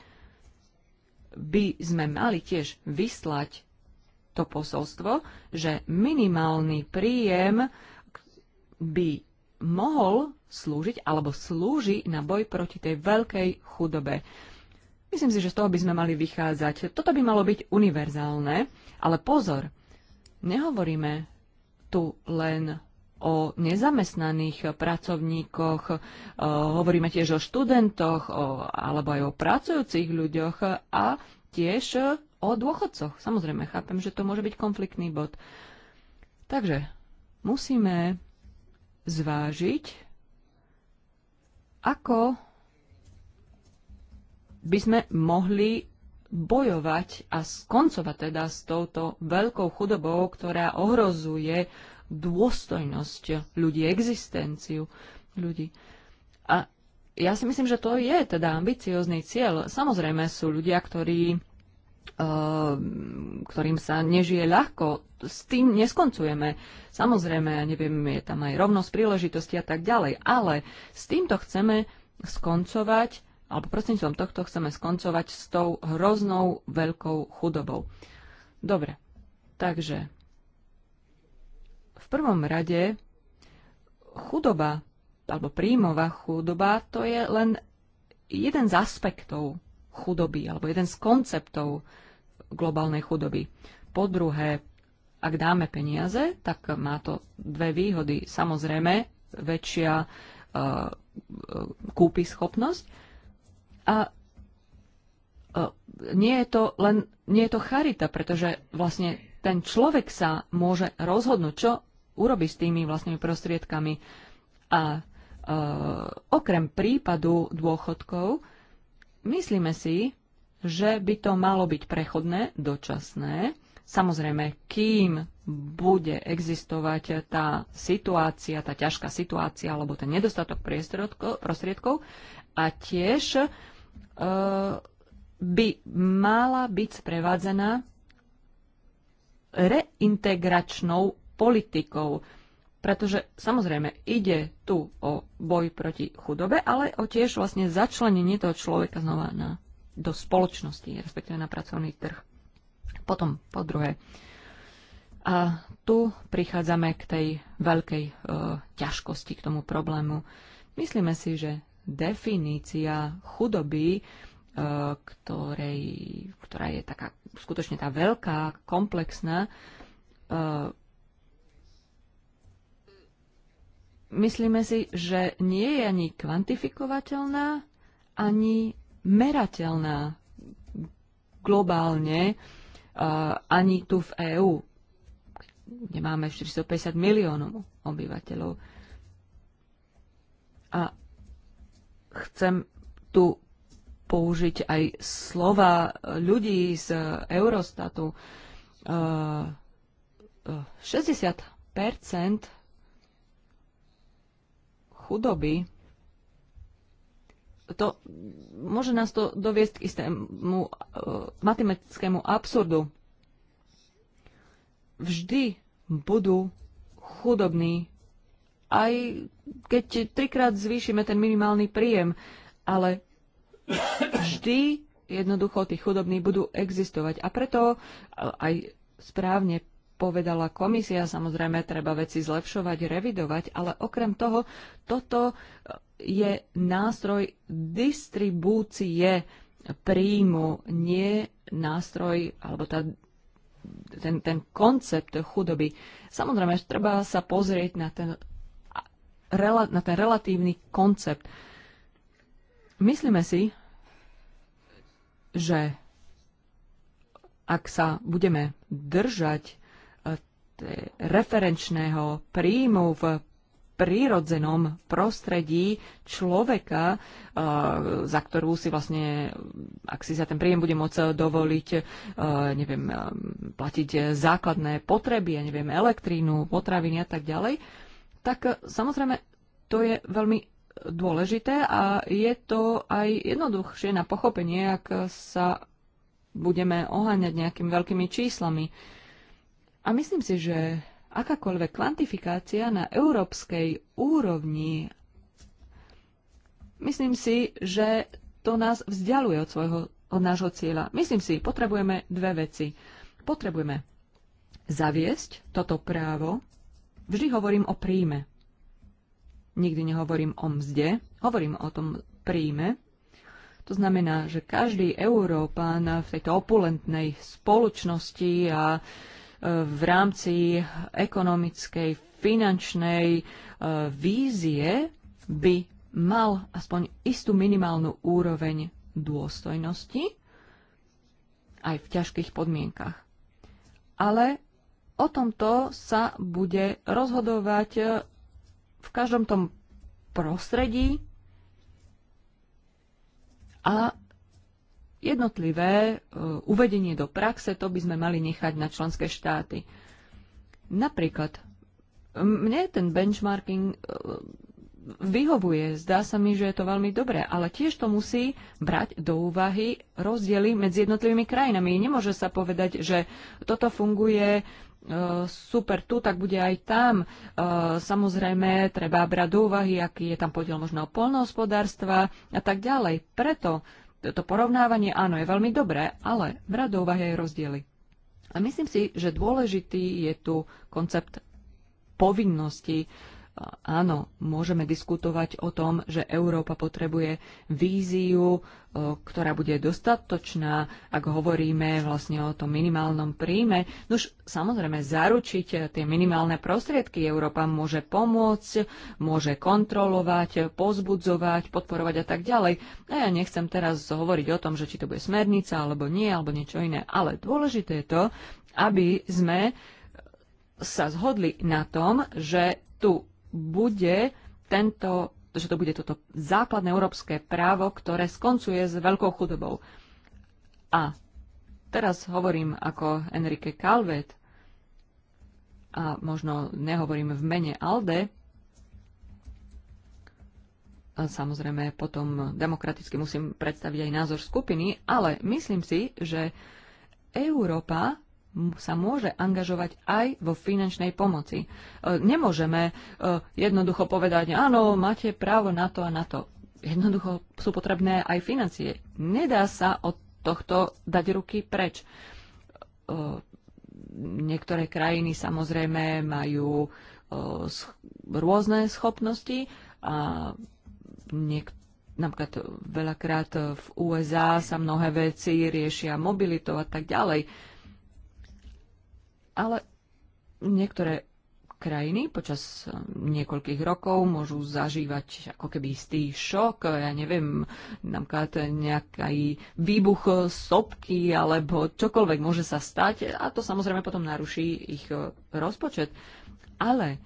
by sme mali tiež vyslať to posolstvo, že minimálny príjem by mohol slúžiť alebo slúži na boj proti tej veľkej chudobe. Myslím si, že z toho by sme mali vychádzať. Toto by malo byť univerzálne, ale pozor, nehovoríme tu len o nezamestnaných pracovníkoch, hovoríme tiež o študentoch alebo aj o pracujúcich ľuďoch a tiež o dôchodcoch. Samozrejme, chápem, že to môže byť konfliktný bod. Takže musíme zvážiť, ako by sme mohli bojovať a skoncovať teda s touto veľkou chudobou, ktorá ohrozuje dôstojnosť ľudí, existenciu ľudí. A ja si myslím, že to je teda ambiciózny cieľ. Samozrejme sú ľudia, ktorí, eh, ktorým sa nežije ľahko. S tým neskoncujeme. Samozrejme, ja neviem, je tam aj rovnosť príležitosti a tak ďalej. Ale s týmto chceme skoncovať, alebo prostredníctvom tohto chceme skoncovať s tou hroznou veľkou chudobou. Dobre, takže prvom rade chudoba alebo príjmová chudoba to je len jeden z aspektov chudoby alebo jeden z konceptov globálnej chudoby. Po druhé, ak dáme peniaze, tak má to dve výhody. Samozrejme, väčšia e, e kúpy schopnosť a e, nie je to len nie je to charita, pretože vlastne ten človek sa môže rozhodnúť, čo urobi s tými vlastnými prostriedkami. A e, okrem prípadu dôchodkov, myslíme si, že by to malo byť prechodné, dočasné. Samozrejme, kým bude existovať tá situácia, tá ťažká situácia alebo ten nedostatok prostriedkov a tiež e, by mala byť sprevádzaná reintegračnou politikov. Pretože samozrejme ide tu o boj proti chudobe, ale o tiež vlastne začlenenie toho človeka znova na, do spoločnosti, respektíve na pracovný trh. Potom po druhé, a tu prichádzame k tej veľkej e, ťažkosti, k tomu problému. Myslíme si, že definícia chudoby, e, ktorej, ktorá je taká skutočne tá veľká, komplexná, e, myslíme si, že nie je ani kvantifikovateľná, ani merateľná globálne, ani tu v EÚ, kde máme 450 miliónov obyvateľov. A chcem tu použiť aj slova ľudí z Eurostatu. 60 chudoby, to, môže nás to doviesť k istému uh, matematickému absurdu. Vždy budú chudobní, aj keď trikrát zvýšime ten minimálny príjem, ale vždy jednoducho tí chudobní budú existovať. A preto e, aj správne povedala komisia, samozrejme treba veci zlepšovať, revidovať, ale okrem toho, toto eh, je nástroj distribúcie príjmu, nie nástroj, alebo tá, ten, ten koncept chudoby. Samozrejme, treba sa pozrieť na ten, na ten relatívny koncept. Myslíme si, že ak sa budeme držať referenčného príjmu v prírodzenom prostredí človeka, eh, za ktorú si vlastne, ak si za ten príjem bude môcť dovoliť, eh, neviem, eh, platiť základné potreby, ja neviem, elektrínu, potraviny a tak ďalej, tak samozrejme to je veľmi dôležité a je to aj jednoduchšie na pochopenie, ak sa budeme oháňať nejakými veľkými číslami. A myslím si, že akákoľvek kvantifikácia na európskej úrovni, myslím si, že to nás vzdialuje od, svojho, od nášho cieľa. Myslím si, potrebujeme dve veci. Potrebujeme zaviesť toto právo. Vždy hovorím o príjme. Nikdy nehovorím o mzde, hovorím o tom príjme. To znamená, že každý Európán v tejto opulentnej spoločnosti a uh, v rámci ekonomickej, finančnej e, vízie by mal aspoň istú minimálnu úroveň dôstojnosti aj v ťažkých podmienkach. Ale o tomto sa bude rozhodovať e, v každom tom prostredí a jednotlivé e, uvedenie do praxe, to by sme mali nechať na členské štáty. Napríklad, mne ten benchmarking e, vyhovuje, zdá sa mi, že je to veľmi dobré, ale tiež to musí brať do úvahy rozdiely medzi jednotlivými krajinami. Nemôže sa povedať, že toto funguje e, super tu, tak bude aj tam. samozrejme, treba brať do úvahy, aký je tam podiel možno polnohospodárstva a tak ďalej. Preto toto porovnávanie áno je veľmi dobré, ale brať do úvahy aj rozdiely. A myslím si, že dôležitý je tu koncept povinnosti áno, môžeme diskutovať o tom, že Európa potrebuje víziu, ktorá bude dostatočná, ak hovoríme vlastne o tom minimálnom príjme. No už samozrejme zaručiť tie minimálne prostriedky. Európa môže pomôcť, môže kontrolovať, pozbudzovať, podporovať a tak ďalej. A ja nechcem teraz hovoriť o tom, že či to bude smernica alebo nie, alebo niečo iné. Ale dôležité je to, aby sme sa zhodli na tom, že tu bude tento, že to bude toto základné európske právo, ktoré skoncuje s veľkou chudobou. A teraz hovorím ako Enrique Calvet a možno nehovorím v mene Alde, a samozrejme potom demokraticky musím predstaviť aj názor skupiny, ale myslím si, že Európa sa môže angažovať aj vo finančnej pomoci. E, nemôžeme e, jednoducho povedať, áno, máte právo na to a na to. Jednoducho sú potrebné aj financie. Nedá sa od tohto dať ruky preč. E, niektoré krajiny samozrejme majú rôzne schopnosti a niektoré napríklad veľakrát v USA sa mnohé veci riešia mobilitou a tak ďalej ale niektoré krajiny počas um, niekoľkých rokov môžu zažívať ako keby istý šok, ja neviem, napríklad nejaký výbuch sopky alebo čokoľvek môže sa stať a to samozrejme potom naruší ich uh, rozpočet. Ale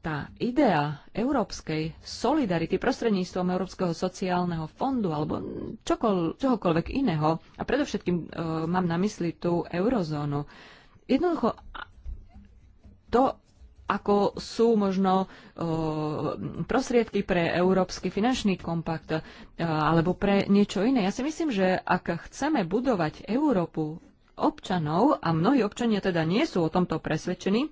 tá idea európskej solidarity prostredníctvom Európskeho sociálneho fondu alebo čokoľ, čohokoľvek iného, a predovšetkým e, mám na mysli tú eurozónu, Jednoducho, to, ako sú možno eh, prostriedky pre Európsky finančný kompakt eh, alebo pre niečo iné. Ja si myslím, že ak chceme budovať Európu občanov, a mnohí občania teda nie sú o tomto presvedčení,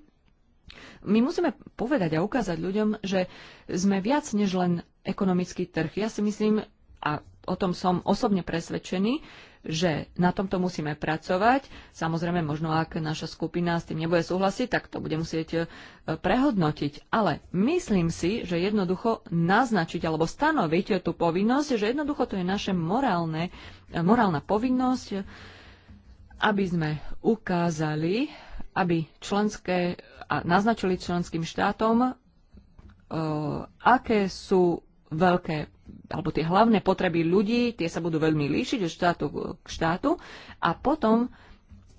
my musíme povedať a ukázať ľuďom, že sme viac než len ekonomický trh. Ja si myslím, a o tom som osobne presvedčený, že na tomto musíme pracovať. Samozrejme, možno ak naša skupina s tým nebude súhlasiť, tak to bude musieť e, prehodnotiť. Ale myslím si, že jednoducho naznačiť alebo stanoviť tú povinnosť, že jednoducho to je naše morálne, e, morálna povinnosť, aby sme ukázali, aby členské a naznačili členským štátom, e, aké sú veľké alebo tie hlavné potreby ľudí, tie sa budú veľmi líšiť od štátu k štátu a potom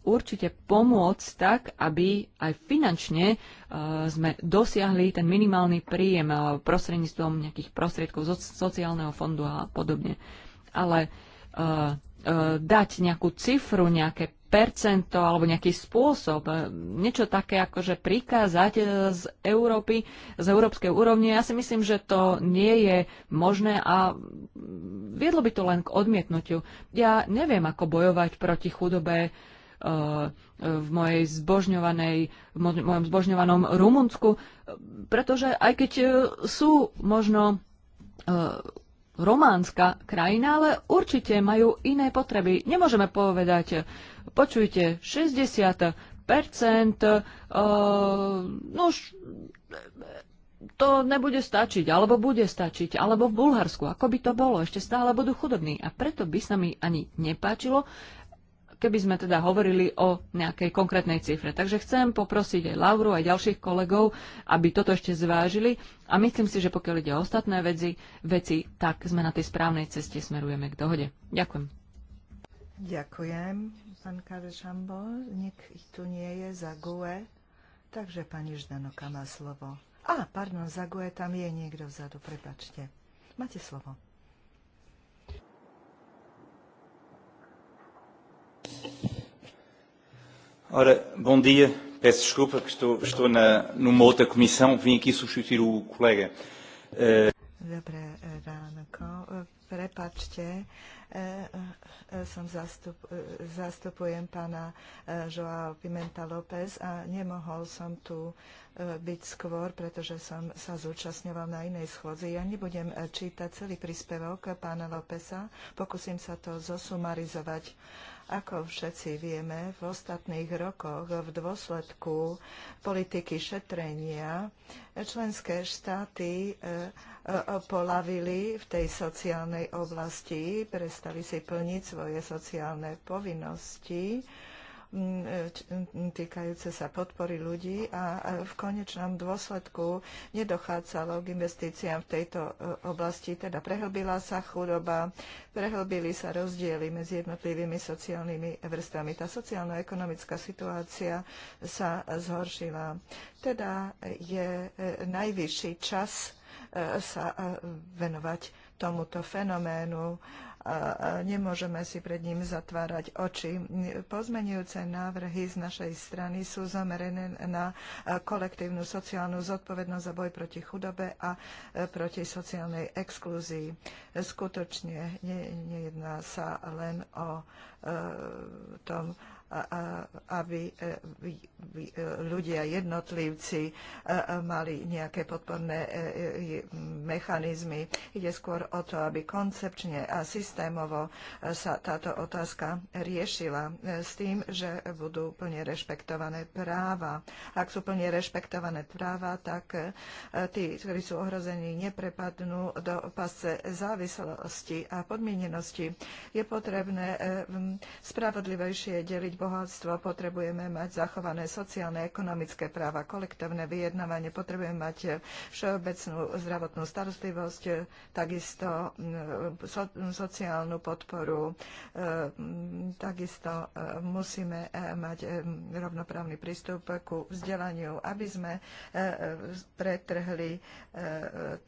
určite pomôcť tak, aby aj finančne e, sme dosiahli ten minimálny príjem e, prostredníctvom nejakých prostriedkov zo sociálneho fondu a podobne. Ale e, dať nejakú cifru, nejaké percento alebo nejaký spôsob, e, niečo také ako, že prikázať e, z Európy, z európskej úrovne, ja si myslím, že to nie je možné a viedlo by to len k odmietnutiu. Ja neviem, ako bojovať proti chudobe e, v mojej zbožňovanej, v mojom zbožňovanom Rumunsku, pretože aj keď sú možno románska krajina, ale určite majú iné potreby. Nemôžeme povedať, počujte, 60 percent, uh, no eh, to nebude stačiť, alebo bude stačiť, alebo v Bulharsku, ako by to bolo, ešte stále budú chudobní. A preto by sa mi ani nepáčilo, keby sme teda hovorili o nejakej konkrétnej cifre. Takže chcem poprosiť aj Lauru, aj ďalších kolegov, aby toto ešte zvážili a myslím si, že pokiaľ ide o ostatné veci, veci tak sme na tej správnej ceste smerujeme k dohode. Ďakujem. Ďakujem, pán Kavešambo. Nik tu nie je za GUE, takže pani Ždanoka má slovo. Á, pardon, za GUE tam je niekto vzadu, prepačte. Máte slovo. Ora, bom dia. Peço desculpa que estou, estou na, numa outra comissão. Vim aqui substituir o colega. Uh... Dobré eh, ránko. Eh, prepačte, som zastup, zastupujem pána Joao Pimenta López a nemohol som tu byť skôr, pretože som sa zúčastňoval na inej schôdzi. Ja nebudem čítať celý príspevok pána Lópeza, pokusím sa to zosumarizovať. Ako všetci vieme, v ostatných rokoch v dôsledku politiky šetrenia členské štáty eh, eh, polavili v tej sociálnej oblasti, prestali si plniť svoje sociálne povinnosti E, týkajúce sa podpory ľudí a v konečnom dôsledku nedochádzalo k investíciám v tejto e, oblasti, teda prehlbila sa chudoba, prehlbili sa rozdiely medzi jednotlivými sociálnymi vrstami. Tá sociálno-ekonomická situácia sa zhoršila. Teda je e, najvyšší čas sa venovať tomuto fenoménu nemôžeme si pred ním zatvárať oči. Pozmenujúce návrhy z našej strany sú zamerené na kolektívnu sociálnu zodpovednosť za boj proti chudobe a proti sociálnej exklúzii. Skutočne nejedná sa len o tom, aby e, e, ľudia, jednotlivci e, mali nejaké podporné mechanizmy. Ide skôr o to, aby koncepčne a systémovo sa táto otázka riešila s tým, že budú plne rešpektované práva. Ak sú plne rešpektované práva, tak tí, ktorí sú ohrození, neprepadnú do pasce závislosti a podmienenosti. Je potrebné spravodlivejšie deliť bohatstvo, potrebujeme mať zachované sociálne, ekonomické práva, kolektívne vyjednávanie, potrebujeme mať všeobecnú zdravotnú starostlivosť, takisto mm, sociálnu podporu, mm, takisto e, musíme e, mať e, rovnoprávny prístup ku vzdelaniu, aby sme pretrhli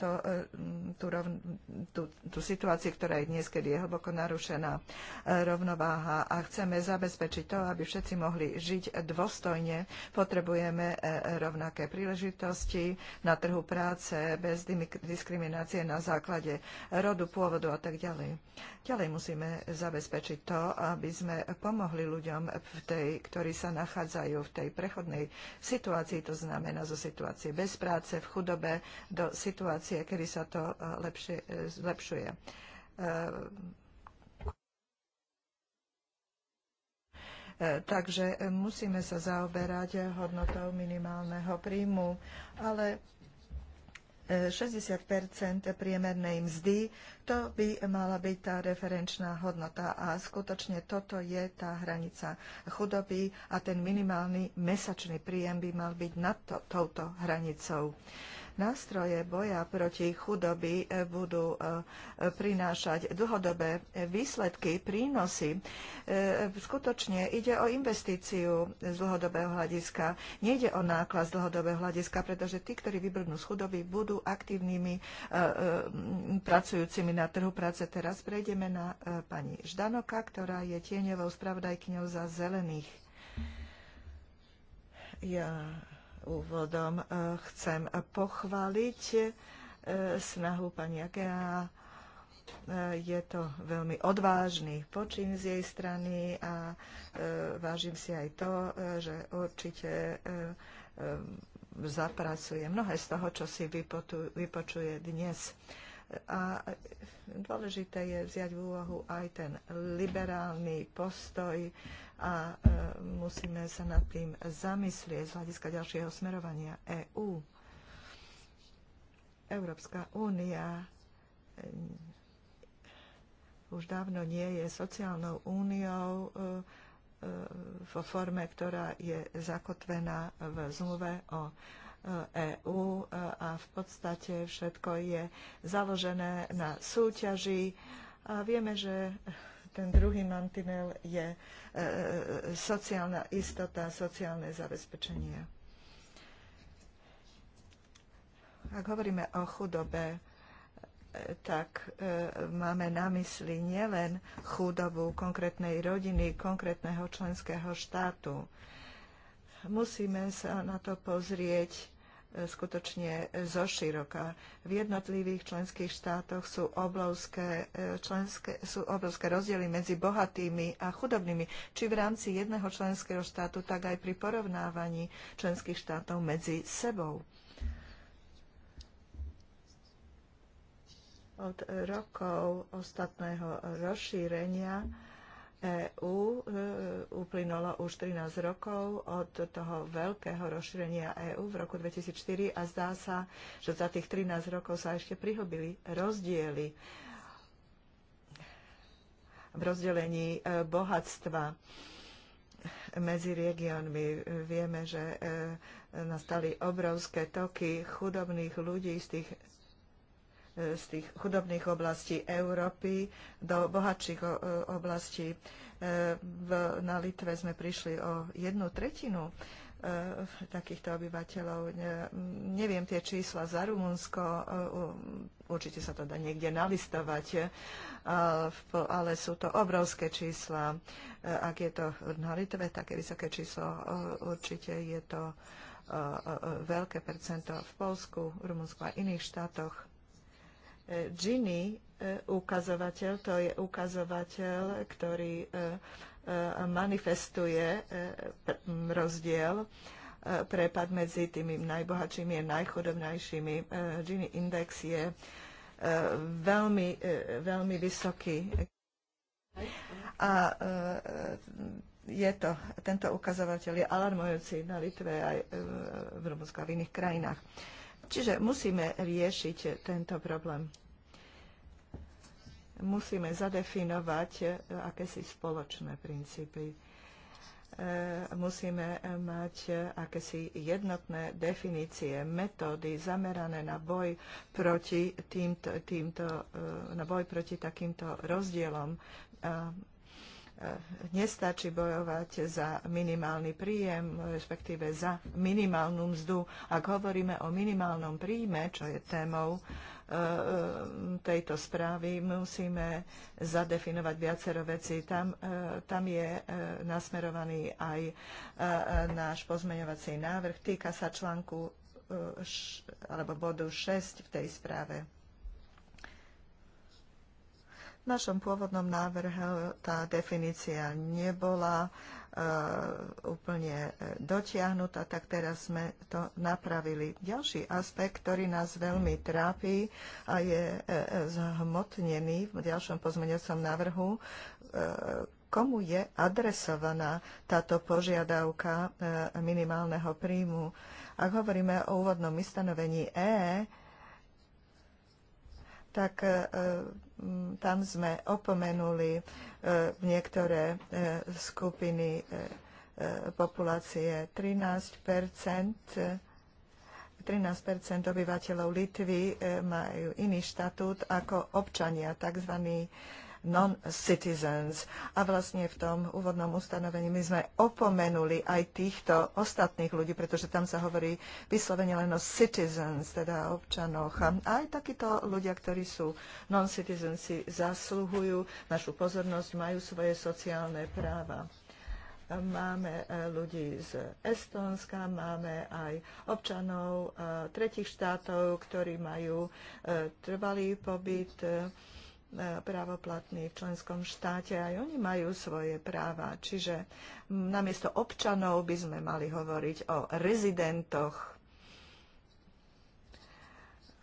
to, mm, tú, rovn, tú, tú situáciu, ktorá je dnes, kedy je hlboko narušená rovnováha a chceme zabezpečiť to, to, aby všetci mohli žiť dôstojne. Potrebujeme e, rovnaké príležitosti na trhu práce bez diskriminácie na základe rodu, pôvodu a tak ďalej. Ďalej musíme zabezpečiť to, aby sme pomohli ľuďom, v tej, ktorí sa nachádzajú v tej prechodnej situácii, to znamená zo situácie bez práce, v chudobe, do situácie, kedy sa to e, lepšie, e, zlepšuje Takže musíme sa zaoberať hodnotou minimálneho príjmu, ale 60 e, priemernej mzdy, to by mala byť tá referenčná hodnota. A skutočne toto je tá hranica chudoby a ten minimálny mesačný príjem by mal byť nad to, touto hranicou. Nástroje boja proti chudoby eh, budú eh, prinášať dlhodobé eh, výsledky, prínosy. Skutočne ide o investíciu z dlhodobého hľadiska. Nejde o náklad z dlhodobého hľadiska, pretože tí, ktorí vybrnú z chudoby, budú aktívnymi pracujúcimi na trhu práce. Teraz prejdeme na pani Ždanoka, ktorá je tieňovou spravodajkyňou za zelených. Ja úvodom e, chcem pochváliť e, snahu pani Akea. E, je to veľmi odvážny počin z jej strany a vážim si aj to, že určite zapracuje mnohé z toho, čo si vypočuje dnes. A dôležité je vziať v úvahu aj ten liberálny postoj a e, musíme sa nad tým zamyslieť z hľadiska ďalšieho smerovania EÚ. EU. Európska únia e, už dávno nie je sociálnou úniou e, vo forme, ktorá je zakotvená v zmluve o EÚ a v podstate všetko je založené na súťaži a vieme, že ten druhý mantinel je e, e, sociálna istota, sociálne zabezpečenie. Ak hovoríme o chudobe, e, tak máme na mysli nielen chudobu konkrétnej rodiny, konkrétneho členského štátu. Musíme sa na to pozrieť E, skutočne zoširoka. V jednotlivých členských štátoch sú obrovské, e, členské, sú obrovské rozdiely medzi bohatými a chudobnými, či v rámci jedného členského štátu, tak aj pri porovnávaní členských štátov medzi sebou. Od rokov ostatného rozšírenia EÚ e e, uplynulo už 13 rokov od toho veľkého rozšírenia EÚ v roku 2004 a zdá sa, že za tých 13 rokov sa ešte prihobili rozdiely v rozdelení e, bohatstva medzi regiónmi. Vieme, že nastali obrovské toky chudobných ľudí z tých z tých chudobných oblastí Európy do bohatších eh, oblastí. Eh, na Litve sme prišli o jednu tretinu eh, takýchto obyvateľov. Neviem tie čísla za Rumunsko, určite sa to dá niekde nalistovať, ale sú to obrovské čísla. Ak je to na Litve také vysoké číslo, určite je to veľké percento v Polsku, Rumunsku a iných štátoch. Gini e, ukazovateľ, to je ukazovateľ, ktorý e, e, manifestuje rozdiel, prepad medzi tými najbohatšími a najchudobnejšími. Gini index je veľmi, veľmi vysoký. A je to, tento ukazovateľ je alarmujúci na Litve aj v Rumunsku a v iných krajinách. Čiže musíme riešiť tento problém. Musíme zadefinovať akési spoločné princípy. E, musíme mať akési jednotné definície, metódy zamerané na boj proti, týmto, týmto, e, na boj proti takýmto rozdielom nestačí bojovať za minimálny príjem, respektíve za minimálnu mzdu. Ak hovoríme o minimálnom príjme, čo je témou e, e, tejto správy, musíme zadefinovať viacero vecí. Tam, e, tam je nasmerovaný aj náš pozmeňovací návrh. Týka sa článku alebo bodu 6 v tej správe našom pôvodnom návrhu tá definícia nebola e, úplne e, dotiahnutá, tak teraz sme to napravili. Ďalší aspekt, ktorý nás veľmi trápi a je e, zhmotnený v ďalšom pozmeňovacom návrhu, komu je adresovaná táto požiadavka minimálneho príjmu. Ak hovoríme o úvodnom vystanovení E, tak Mm, tam sme opomenuli e, niektoré e, skupiny e, populácie. 13 13 obyvateľov Litvy majú iný štatút ako občania, tzv non-citizens. A vlastne v tom úvodnom ustanovení my sme opomenuli aj týchto ostatných ľudí, pretože tam sa hovorí vyslovene len o citizens, teda občanoch. A aj takíto ľudia, ktorí sú non-citizens, si zasluhujú našu pozornosť, majú svoje sociálne práva máme e, ľudí z Estónska, máme aj občanov e, tretich štátov, ktorí majú e, trvalý pobyt E, právoplatní v členskom štáte, aj oni majú svoje práva. Čiže namiesto občanov by sme mali hovoriť o rezidentoch.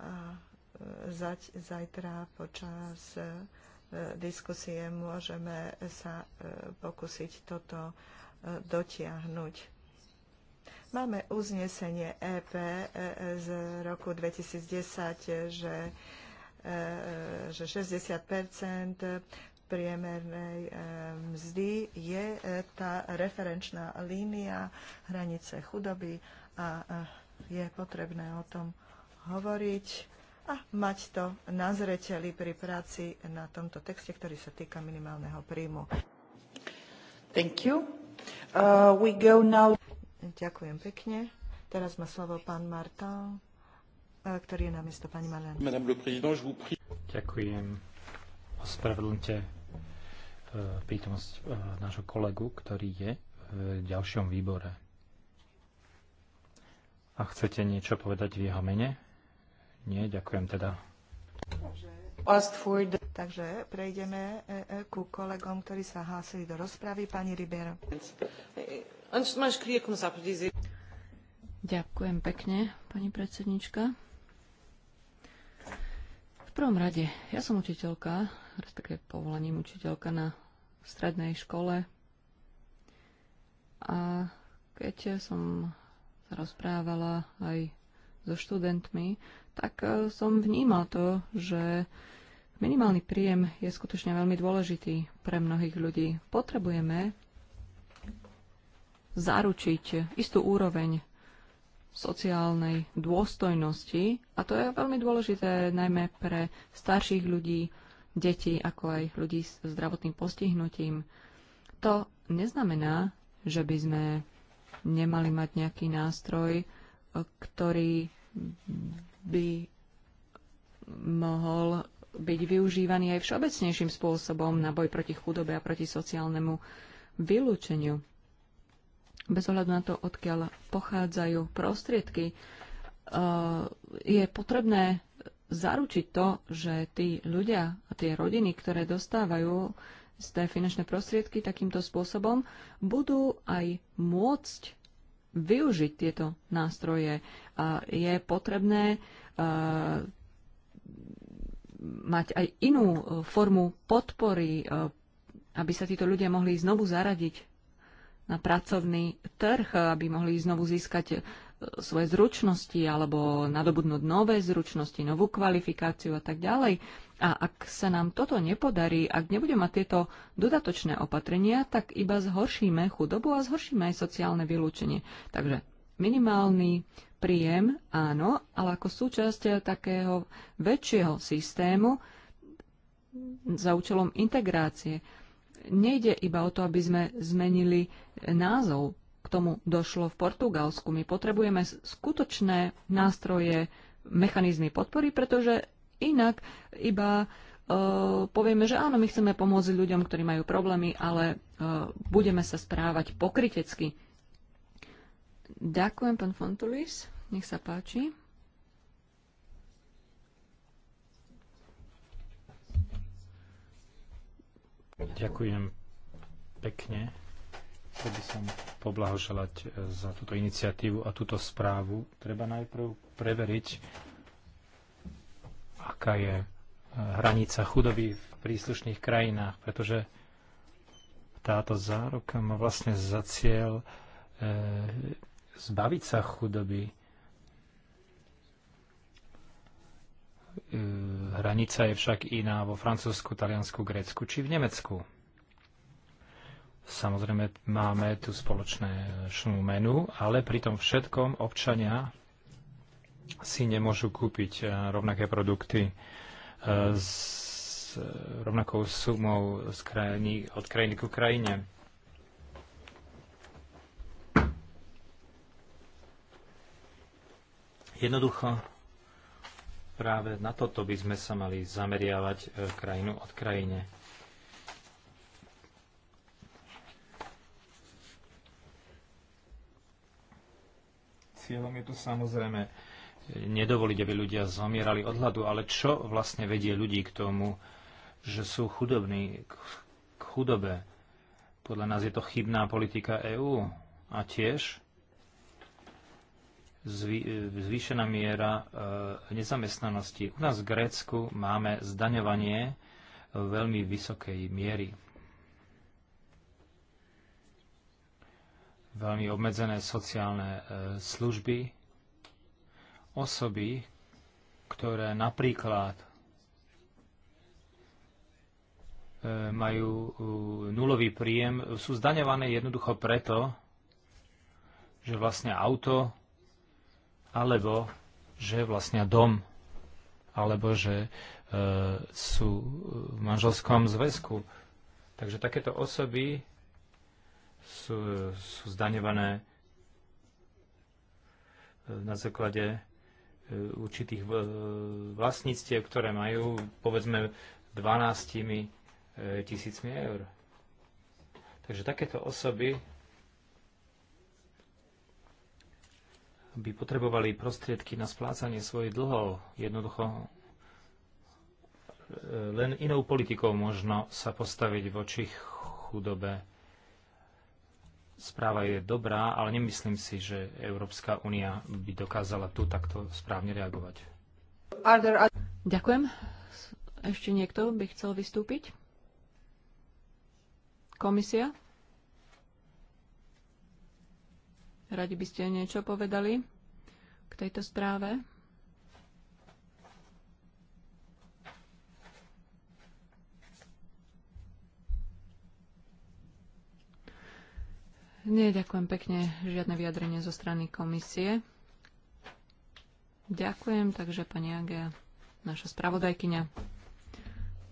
A e, zať, zajtra počas e, diskusie môžeme sa pokúsiť toto dotiahnuť. Máme uznesenie EP z roku 2010, že že 60 priemernej eh, mzdy je eh, tá referenčná línia hranice chudoby a eh, je potrebné o tom hovoriť a mať to na zreteli pri práci na tomto texte, ktorý sa týka minimálneho príjmu. Thank you. Uh, we go now... Ďakujem pekne. Teraz má slovo pán Martin. E, ktorý je na miesto pani Marlen. Ďakujem. Ospravedlňte e, prítomnosť e, nášho kolegu, ktorý je v ďalšom výbore. A chcete niečo povedať v jeho mene? Nie, ďakujem teda. Takže prejdeme ku kolegom, ktorí sa hlásili do rozpravy. Pani Ribeiro. Ďakujem pekne, pani predsednička prvom rade, ja som učiteľka, respektíve povolaním učiteľka na strednej škole. A keď som sa rozprávala aj so študentmi, tak e, som vnímal to, že minimálny príjem je skutočne veľmi dôležitý pre mnohých ľudí. Potrebujeme zaručiť istú úroveň sociálnej dôstojnosti a to je veľmi dôležité najmä pre starších ľudí, deti, ako aj ľudí s zdravotným postihnutím. To neznamená, že by sme nemali mať nejaký nástroj, ktorý by mohol byť využívaný aj všeobecnejším spôsobom na boj proti chudobe a proti sociálnemu vylúčeniu bez ohľadu na to, odkiaľ pochádzajú prostriedky, e, je potrebné zaručiť to, že tí ľudia a tie rodiny, ktoré dostávajú z té finančné prostriedky takýmto spôsobom, budú aj môcť využiť tieto nástroje. A je potrebné uh, mať aj inú formu podpory, uh, aby sa títo ľudia mohli znovu zaradiť na pracovný trh, aby mohli znovu získať e, svoje zručnosti alebo nadobudnúť nové zručnosti, novú kvalifikáciu a tak ďalej. A ak sa nám toto nepodarí, ak nebudeme mať tieto dodatočné opatrenia, tak iba zhoršíme chudobu a zhoršíme aj sociálne vylúčenie. Takže minimálny príjem, áno, ale ako súčasť takého väčšieho systému za účelom integrácie nejde iba o to, aby sme zmenili názov. K tomu došlo v Portugalsku. My potrebujeme skutočné nástroje, mechanizmy podpory, pretože inak iba Uh, povieme, že áno, my chceme pomôcť ľuďom, ktorí majú problémy, ale uh, budeme sa správať pokrytecky. Ďakujem, pán Fontulis. Nech sa páči. Ďakujem pekne. Chcel by som poblahoželať e, za túto iniciatívu a túto správu. Treba najprv preveriť, aká je e, hranica chudoby v príslušných krajinách, pretože táto záruka má vlastne za cieľ e, zbaviť sa chudoby E, hranica je však iná vo Francúzsku, Taliansku, Grécku či v Nemecku. Samozrejme máme tu spoločné menu, ale pri tom všetkom občania si nemôžu kúpiť e, rovnaké produkty e, s rovnakou sumou z krajiny, od krajiny ku krajine. Jednoducho práve na toto by sme sa mali zameriavať e, krajinu od krajine. Cieľom je tu samozrejme e, nedovoliť, aby ľudia zomierali od hladu, ale čo vlastne vedie ľudí k tomu, že sú chudobní, k chudobe? Podľa nás je to chybná politika EÚ a tiež zvý, zvýšená miera e, nezamestnanosti. U nás v Grécku máme zdaňovanie veľmi vysokej miery. Veľmi obmedzené sociálne e, služby. Osoby, ktoré napríklad e, majú nulový príjem, sú zdaňované jednoducho preto, že vlastne auto alebo že vlastne dom, alebo že e, sú v manželskom zväzku. Takže takéto osoby sú, sú zdaňované e, na základe e, určitých e, vlastníctiev, ktoré majú povedzme 12 tisícmi eur. Takže takéto osoby by potrebovali prostriedky na splácanie svojich dlhov. Jednoducho e, len inou politikou možno sa postaviť voči chudobe. Správa je dobrá, ale nemyslím si, že Európska únia by dokázala tu takto správne reagovať. Ďakujem. Ešte niekto by chcel vystúpiť? Komisia? Radi by ste niečo povedali k tejto správe? Nie, ďakujem pekne. Žiadne vyjadrenie zo strany komisie. Ďakujem, takže pani Agea, naša spravodajkyňa.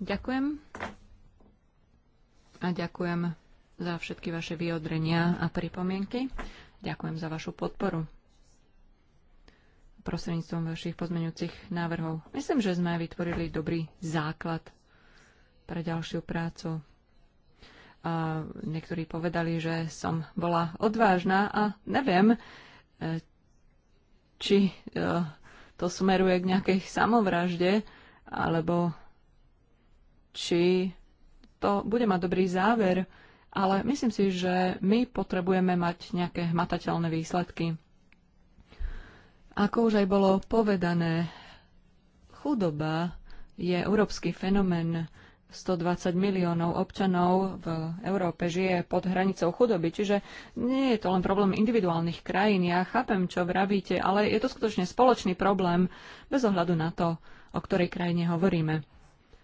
Ďakujem a ďakujem za všetky vaše vyjadrenia a pripomienky. Ďakujem za vašu podporu prostredníctvom vašich pozmeňujúcich návrhov. Myslím, že sme vytvorili dobrý základ pre ďalšiu prácu. A niektorí povedali, že som bola odvážna a neviem, e, či e, to smeruje k nejakej samovražde, alebo či to bude mať dobrý záver ale myslím si, že my potrebujeme mať nejaké hmatateľné výsledky. Ako už aj bolo povedané, chudoba je európsky fenomén. 120 miliónov občanov v Európe žije pod hranicou chudoby, čiže nie je to len problém individuálnych krajín. Ja chápem, čo vravíte, ale je to skutočne spoločný problém bez ohľadu na to, o ktorej krajine hovoríme.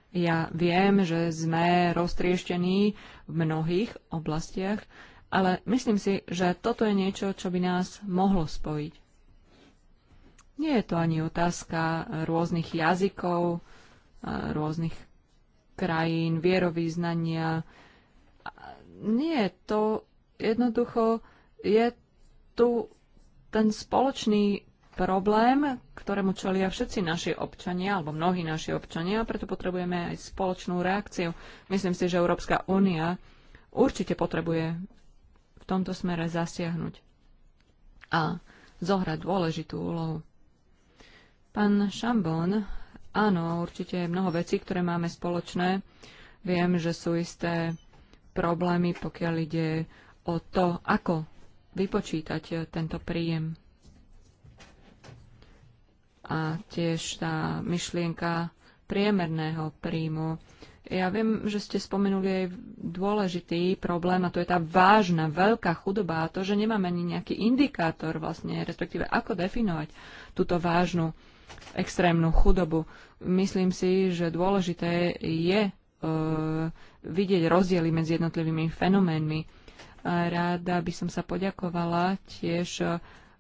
Ja viem, že sme roztrieštení v mnohých oblastiach, ale myslím si, že toto je niečo, čo by nás mohlo spojiť. Nie je to ani otázka rôznych jazykov, rôznych krajín, vierovýznania. Nie, to jednoducho je tu ten spoločný problém, ktorému čelia všetci naši občania, alebo mnohí naši občania, a preto potrebujeme aj spoločnú reakciu. Myslím si, že Európska únia určite potrebuje v tomto smere zasiahnuť a zohrať dôležitú úlohu. Pán Šambon, áno, určite je mnoho vecí, ktoré máme spoločné. Viem, že sú isté problémy, pokiaľ ide o to, ako vypočítať tento príjem a tiež tá myšlienka priemerného príjmu. Ja viem, že ste spomenuli aj dôležitý problém a to je tá vážna, veľká chudoba a to, že nemáme ani nejaký indikátor vlastne, respektíve ako definovať túto vážnu extrémnu chudobu. Myslím si, že dôležité je e, vidieť rozdiely medzi jednotlivými fenoménmi. Ráda by som sa poďakovala tiež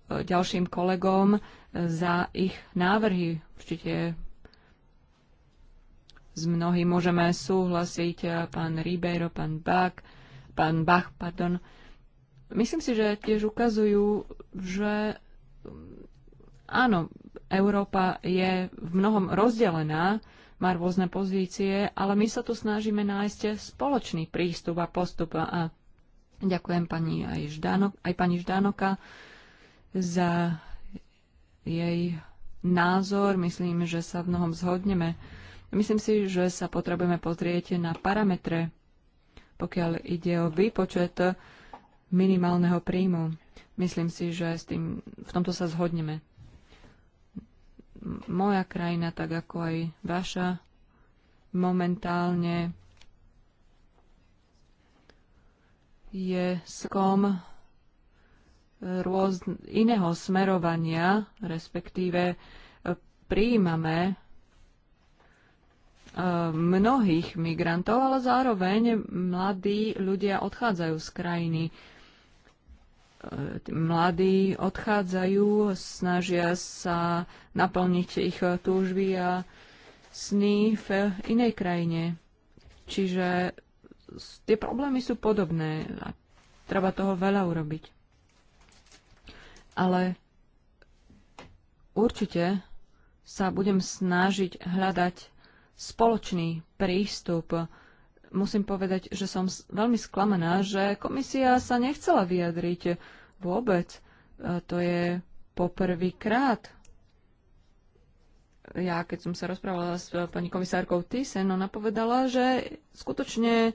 ďalším kolegom za ich návrhy. Určite s mnohým môžeme súhlasiť, pán Ribeiro, pán Bach, pán Bach, pardon. Myslím si, že tiež ukazujú, že áno, Európa je v mnohom rozdelená, má rôzne pozície, ale my sa tu snažíme nájsť spoločný prístup a postup. A ďakujem pani aj, Ždánok, aj pani Ždánoka za jej názor. Myslím, že sa v mnohom zhodneme. Myslím si, že sa potrebujeme pozrieť na parametre, pokiaľ ide o výpočet minimálneho príjmu. Myslím si, že s tým, v tomto sa zhodneme. Moja krajina, tak ako aj vaša, momentálne je skom rôz, iného smerovania, respektíve e, príjmame e, mnohých migrantov, ale zároveň mladí ľudia odchádzajú z krajiny. E, mladí odchádzajú, snažia sa naplniť ich túžby a sny v inej krajine. Čiže tie problémy sú podobné a treba toho veľa urobiť ale určite sa budem snažiť hľadať spoločný prístup. Musím povedať, že som veľmi sklamaná, že komisia sa nechcela vyjadriť vôbec. E, to je poprvýkrát. Ja, keď som sa rozprávala s pani komisárkou Thyssen, ona povedala, že skutočne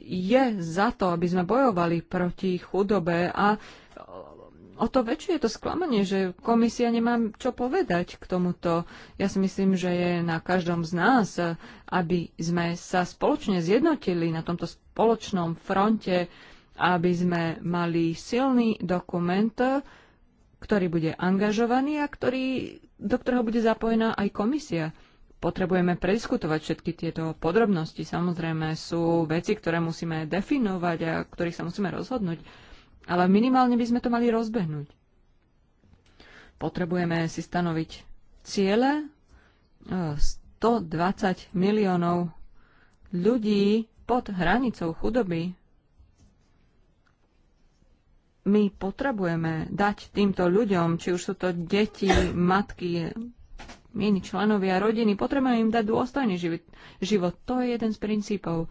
je za to, aby sme bojovali proti chudobe a o to väčšie je to sklamanie, že komisia nemá čo povedať k tomuto. Ja si myslím, že je na každom z nás, aby sme sa spoločne zjednotili na tomto spoločnom fronte, aby sme mali silný dokument, ktorý bude angažovaný a ktorý, do ktorého bude zapojená aj komisia. Potrebujeme prediskutovať všetky tieto podrobnosti. Samozrejme sú veci, ktoré musíme definovať a ktorých sa musíme rozhodnúť ale minimálne by sme to mali rozbehnúť. Potrebujeme si stanoviť ciele. 120 eh, miliónov ľudí pod hranicou chudoby. My potrebujeme dať týmto ľuďom, či už sú to deti, matky, mieni členovia rodiny, potrebujeme im dať dôstojný život. To je jeden z princípov.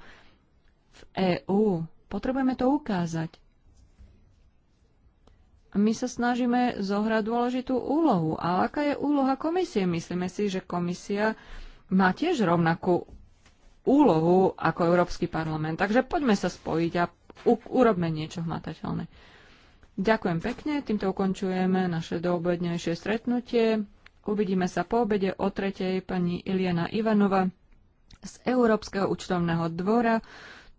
V EÚ potrebujeme to ukázať my sa snažíme zohrať dôležitú úlohu. A aká je úloha komisie? Myslíme si, že komisia má tiež rovnakú úlohu ako Európsky parlament. Takže poďme sa spojiť a urobme niečo hmatateľné. Ďakujem pekne, týmto ukončujeme naše doobednejšie stretnutie. Uvidíme sa po obede o tretej pani Iliana Ivanova z Európskeho účtovného dvora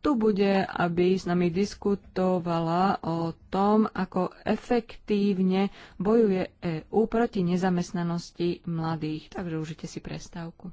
tu bude, aby s nami diskutovala o tom, ako efektívne bojuje EÚ proti nezamestnanosti mladých. Takže užite si prestávku.